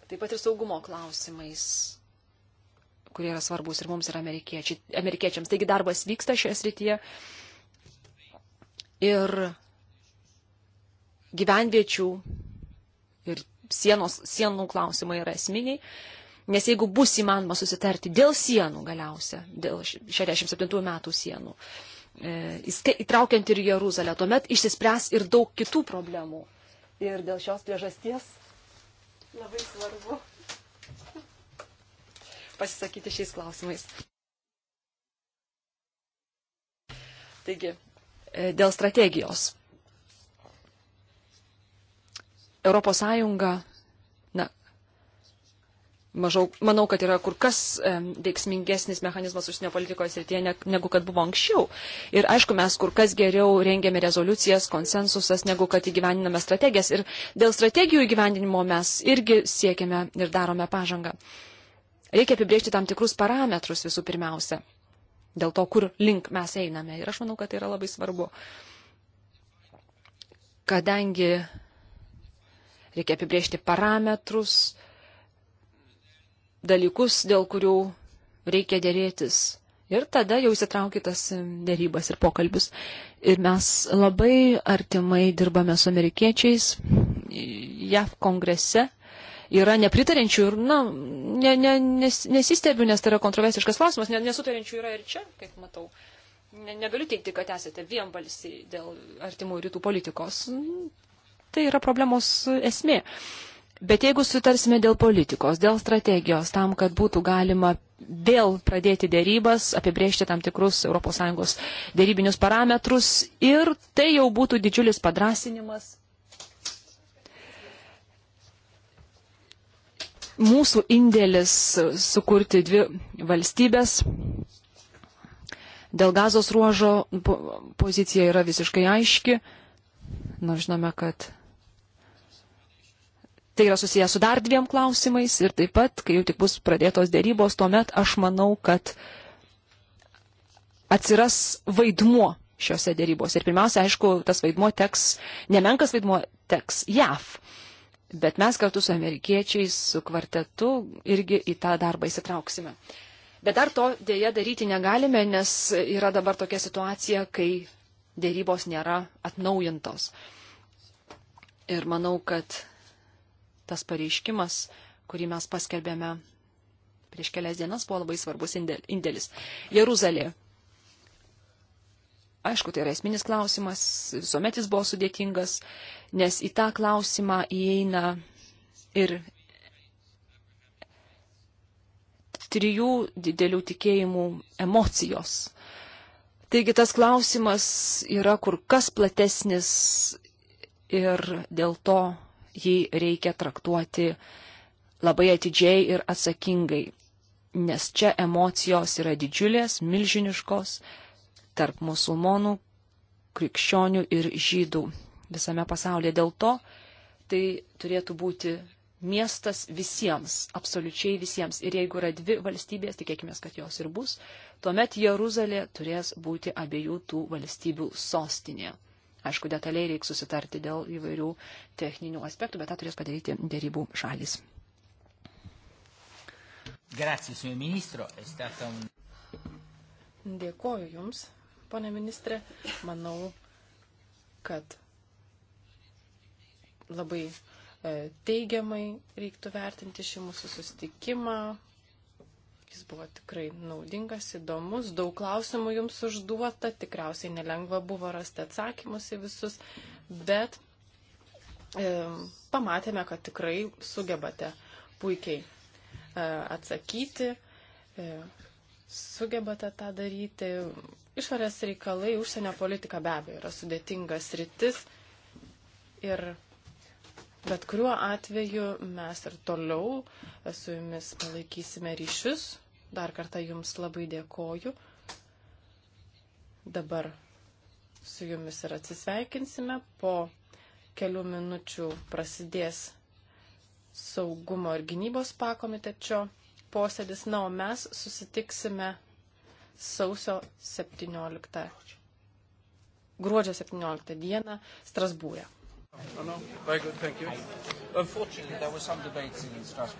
Taip pat ir saugumo klausimais, kurie yra svarbus ir mums, ir amerikiečiams. Taigi darbas vyksta šioje srityje. Ir gyvenviečių ir sienos, sienų klausimai yra esminiai. Nes jeigu bus įmanoma susitarti dėl sienų galiausia, dėl 67 metų sienų, E, įtraukiant ir Jeruzalę, tuomet išsispręs ir daug kitų problemų. Ir dėl šios priežasties labai svarbu pasisakyti šiais klausimais. Taigi, e, dėl strategijos. Europos Sąjunga mažau, manau, kad yra kur kas e, veiksmingesnis mechanizmas užsienio politikos srityje negu kad buvo anksčiau. Ir aišku, mes kur kas geriau rengiame rezoliucijas, konsensusas, negu kad įgyvendiname strategijas. Ir dėl strategijų įgyvendinimo mes irgi siekiame ir darome pažangą. Reikia apibriežti tam tikrus parametrus visų pirmiausia. Dėl to, kur link mes einame. Ir aš manau, kad tai yra labai svarbu. Kadangi reikia apibriežti parametrus, dalykus, dėl kurių reikia dėrėtis. Ir tada jau įsitraukitas dėrybas ir pokalbis. Ir mes labai artimai dirbame su amerikiečiais JAV kongrese. Yra nepritarinčių ir, na, ne, ne, nes, nesistebiu, nes tai yra kontroversiškas klausimas, nesutarinčių yra ir čia, kaip matau. Ne, negaliu teikti, kad esate vienbalsiai dėl artimų rytų politikos. Tai yra problemos esmė. Uh, Bet jeigu sutarsime dėl politikos, dėl strategijos, tam, kad būtų galima vėl pradėti dėrybas, apibriežti tam tikrus ES dėrybinius parametrus ir tai jau būtų didžiulis padrasinimas mūsų indėlis sukurti dvi valstybės. Dėl gazos ruožo pozicija yra visiškai aiški, nors žinome, kad Tai yra susijęs su dar dviem klausimais ir taip pat, kai jau tik bus pradėtos dėrybos, tuomet aš manau, kad atsiras vaidmuo šiuose dėrybose. Ir pirmiausia, aišku, tas vaidmuo teks, nemenkas vaidmuo teks JAV. Bet mes kartu su amerikiečiais, su kvartetu irgi į tą darbą įsitrauksime. Bet dar to dėja daryti negalime, nes yra dabar tokia situacija, kai dėrybos nėra atnaujintos. Ir manau, kad tas pareiškimas, kurį mes paskelbėme prieš kelias dienas, buvo labai svarbus indėlis. Jeruzalė. Aišku, tai yra esminis klausimas, visuomet jis buvo sudėtingas, nes į tą klausimą įeina ir trijų didelių tikėjimų emocijos. Taigi tas klausimas yra kur kas platesnis ir dėl to jį reikia traktuoti labai atidžiai ir atsakingai, nes čia emocijos yra didžiulės, milžiniškos tarp musulmonų, krikščionių ir žydų visame pasaulyje. Dėl to tai turėtų būti miestas visiems, absoliučiai visiems. Ir jeigu yra dvi valstybės, tikėkime, kad jos ir bus, tuomet Jeruzalė turės būti abiejų tų valstybių sostinė. Aišku, detaliai reiks susitarti dėl įvairių techninių aspektų, bet tą turės padaryti dėrybų šalis. Grazie, signor ministro. Un... Dėkoju Jums, ponė ministrė. Manau, kad labai e, teigiamai reiktų vertinti šį mūsų susitikimą, Jis buvo tikrai naudingas, įdomus, daug klausimų jums užduota, tikriausiai nelengva buvo rasti atsakymus į visus, bet e, pamatėme, kad tikrai sugebate puikiai e, atsakyti, e, sugebate tą daryti. Išorės reikalai, užsienio politika be abejo yra sudėtingas rytis ir Bet kuriuo atveju mes ir toliau su jumis palaikysime ryšius. Dar kartą jums labai dėkoju. Dabar su jumis ir atsisveikinsime. Po kelių minučių prasidės saugumo ir gynybos pakomitečio posėdis. Na, o mes susitiksime sausio 17. Gruodžio 17 dieną Strasbūrė. No, no. Very good, thank you. Unfortunately, there were some debates in Strasbourg.